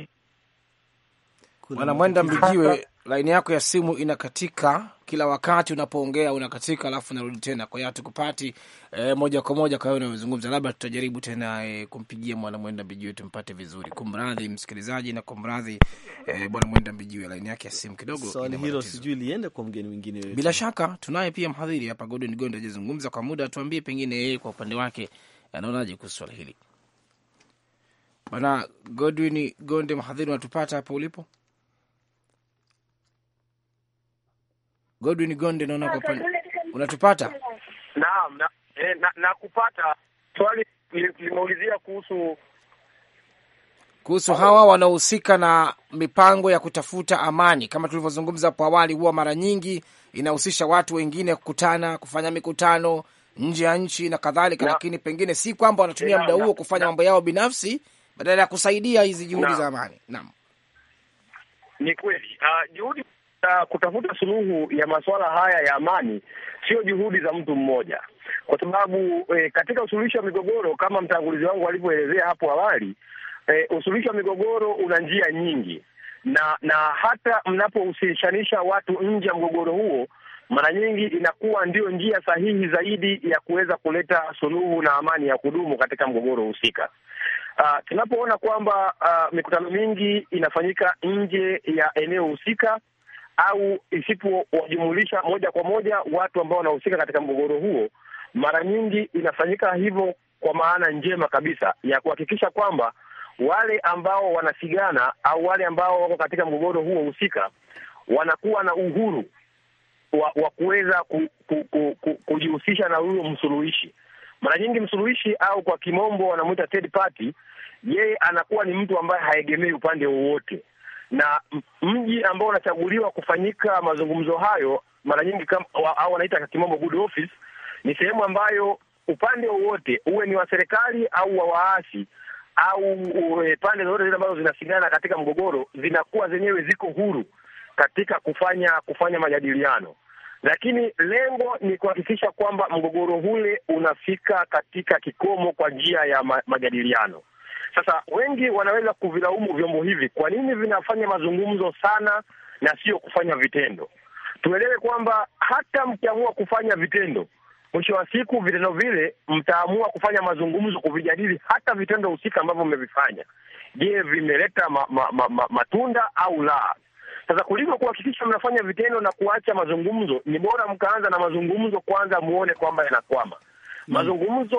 [SPEAKER 1] wanamwenda Mbijiwe laini yako ya simu inakatika kila wakati unapoongea unakatika, alafu narudi tena, kwa hiyo hatukupati eh, moja kwa moja. Kwa hiyo unayozungumza, labda tutajaribu tena eh, kumpigia Bwana Mwenda Mbijiwe tumpate vizuri. Kumradhi msikilizaji na kumradhi e, Bwana Mwenda Mbijiwe, laini yake ya simu kidogo swali hilo sijui liende kwa mgeni mwingine Bila shaka tunaye pia mhadhiri hapa Gordon ajazungumza kwa muda, tuambie pengine yeye kwa upande wake anaonaje kuhusu swala hili. Bwana Godwin Gonde, mhadhiri, unatupata hapo ulipo? Godwin Gonde, naona kwa unatupata?
[SPEAKER 4] Naam, na, eh, na, na kupata swali limeulizia kuhusu
[SPEAKER 1] kuhusu hawa wanaohusika na mipango ya kutafuta amani. Kama tulivyozungumza hapo awali, huwa mara nyingi inahusisha watu wengine kukutana, kufanya mikutano nje ya nchi na kadhalika, lakini pengine si kwamba wanatumia muda huo kufanya mambo yao binafsi badala ya kusaidia hizi juhudi za amani. Naam,
[SPEAKER 4] ni kweli uh, juhudi uh, kutafuta suluhu ya masuala haya ya amani sio juhudi za mtu mmoja, kwa sababu eh, katika usuluhishi wa migogoro kama mtangulizi wangu alivyoelezea hapo awali eh, usuluhishi wa migogoro una njia nyingi, na na hata mnapohusishanisha watu nje ya mgogoro huo mara nyingi inakuwa ndiyo njia sahihi zaidi ya kuweza kuleta suluhu na amani ya kudumu katika mgogoro husika. Uh, tunapoona kwamba uh, mikutano mingi inafanyika nje ya eneo husika au isipowajumulisha moja kwa moja watu ambao wanahusika katika mgogoro huo, mara nyingi inafanyika hivyo kwa maana njema kabisa ya kuhakikisha kwamba wale ambao wanasigana au wale ambao wako katika mgogoro huo husika wanakuwa na uhuru wa, wa kuweza ku, ku, ku, ku, kujihusisha na huyo msuluhishi. Mara nyingi msuluhishi au kwa kimombo wanamwita third party, yeye anakuwa ni mtu ambaye haegemei upande wowote na mji ambao unachaguliwa kufanyika mazungumzo hayo mara nyingi kama, au wanaita kwa kimombo good office, ni sehemu ambayo upande wowote uwe ni wa serikali au wa waasi au pande zozote zile ambazo zinasigana katika mgogoro zinakuwa zenyewe ziko huru katika kufanya kufanya majadiliano, lakini lengo ni kuhakikisha kwamba mgogoro ule unafika katika kikomo kwa njia ya ma, majadiliano. Sasa wengi wanaweza kuvilaumu vyombo hivi, kwa nini vinafanya mazungumzo sana na sio kufanya vitendo? Tuelewe kwamba hata mkiamua kufanya vitendo, mwisho wa siku vitendo vile mtaamua kufanya mazungumzo kuvijadili, hata vitendo husika ambavyo mmevifanya, je, vimeleta ma, ma, ma, ma, matunda au la? Sasa kuliko kuhakikisha mnafanya vitendo na kuacha mazungumzo, ni bora mkaanza na mazungumzo kwanza, muone kwamba yanakwama mm. mazungumzo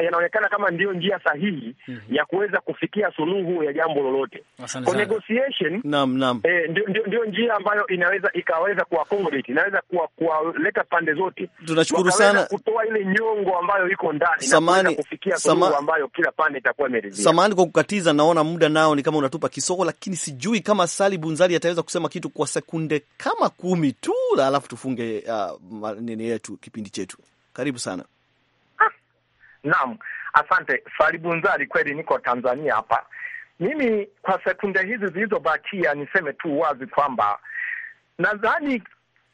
[SPEAKER 4] yanaonekana kama ndiyo njia sahihi mm -hmm. ya kuweza kufikia suluhu ya jambo lolote. Kwa negotiation naam, naam. Eh, ndio, ndio, ndio njia ambayo inaweza ikaweza ku accommodate inaweza kuwaleta pande zote. Tunashukuru sana kutoa ile nyongo ambayo iko ndani na kuweza kufikia suluhu ambayo kila pande itakuwa imeridhia. Samani
[SPEAKER 2] kwa kukatiza, naona muda nao ni kama unatupa kisogo, lakini sijui kama Sali Bunzali ataweza kusema kitu kwa sekunde kama kumi tu, alafu tufunge uh, nini yetu kipindi chetu. Karibu sana. Naam,
[SPEAKER 4] asante Salibunzari, kweli niko Tanzania hapa. Mimi kwa sekunde hizi zilizobakia, niseme tu wazi kwamba nadhani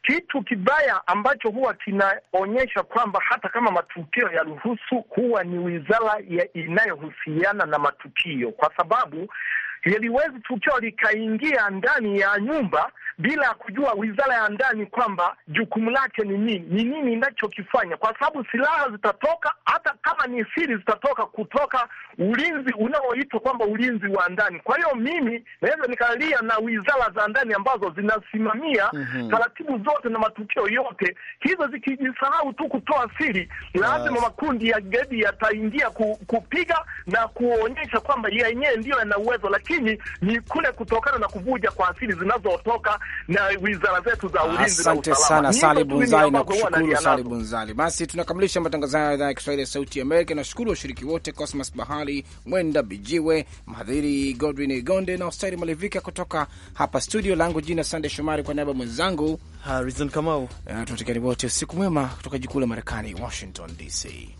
[SPEAKER 4] kitu kibaya ambacho huwa kinaonyesha kwamba hata kama matukio ya ruhusu, huwa ni wizara inayohusiana na matukio, kwa sababu heliwezi tukio likaingia ndani ya nyumba bila ya kujua wizara ya ndani kwamba jukumu lake ni nini, ni nini inachokifanya, kwa sababu silaha zitatoka, hata kama ni siri, zitatoka kutoka ulinzi unaoitwa kwamba ulinzi wa ndani. Kwa hiyo mimi naweza nikalia na wizara za ndani ambazo zinasimamia mm -hmm. taratibu zote na matukio yote, hizo zikijisahau tu kutoa siri, lazima makundi ya gedi yataingia ku, kupiga na kuonyesha kwamba yenyewe ndiyo yana uwezo, lakini ni kule kutokana na kuvuja kwa asili zinazotoka na wizara zetu za ulinzi na usalama. Asante sana Sali Bunzali,
[SPEAKER 1] na kushukuru Sali Bunzali. Basi tunakamilisha matangazo haya ya idhaa ya Kiswahili ya Sauti ya Amerika. Nashukuru washiriki wote, Cosmas Bahali, Mwenda Bijiwe, mhadhiri Godwin Gonde na Ostari Malivika kutoka hapa studio langu. Jina Sande Shomari, kwa niaba mwenzangu Harizon Kamau, eh, tunatakieni wote usiku mwema kutoka jikuu la Marekani, Washington DC.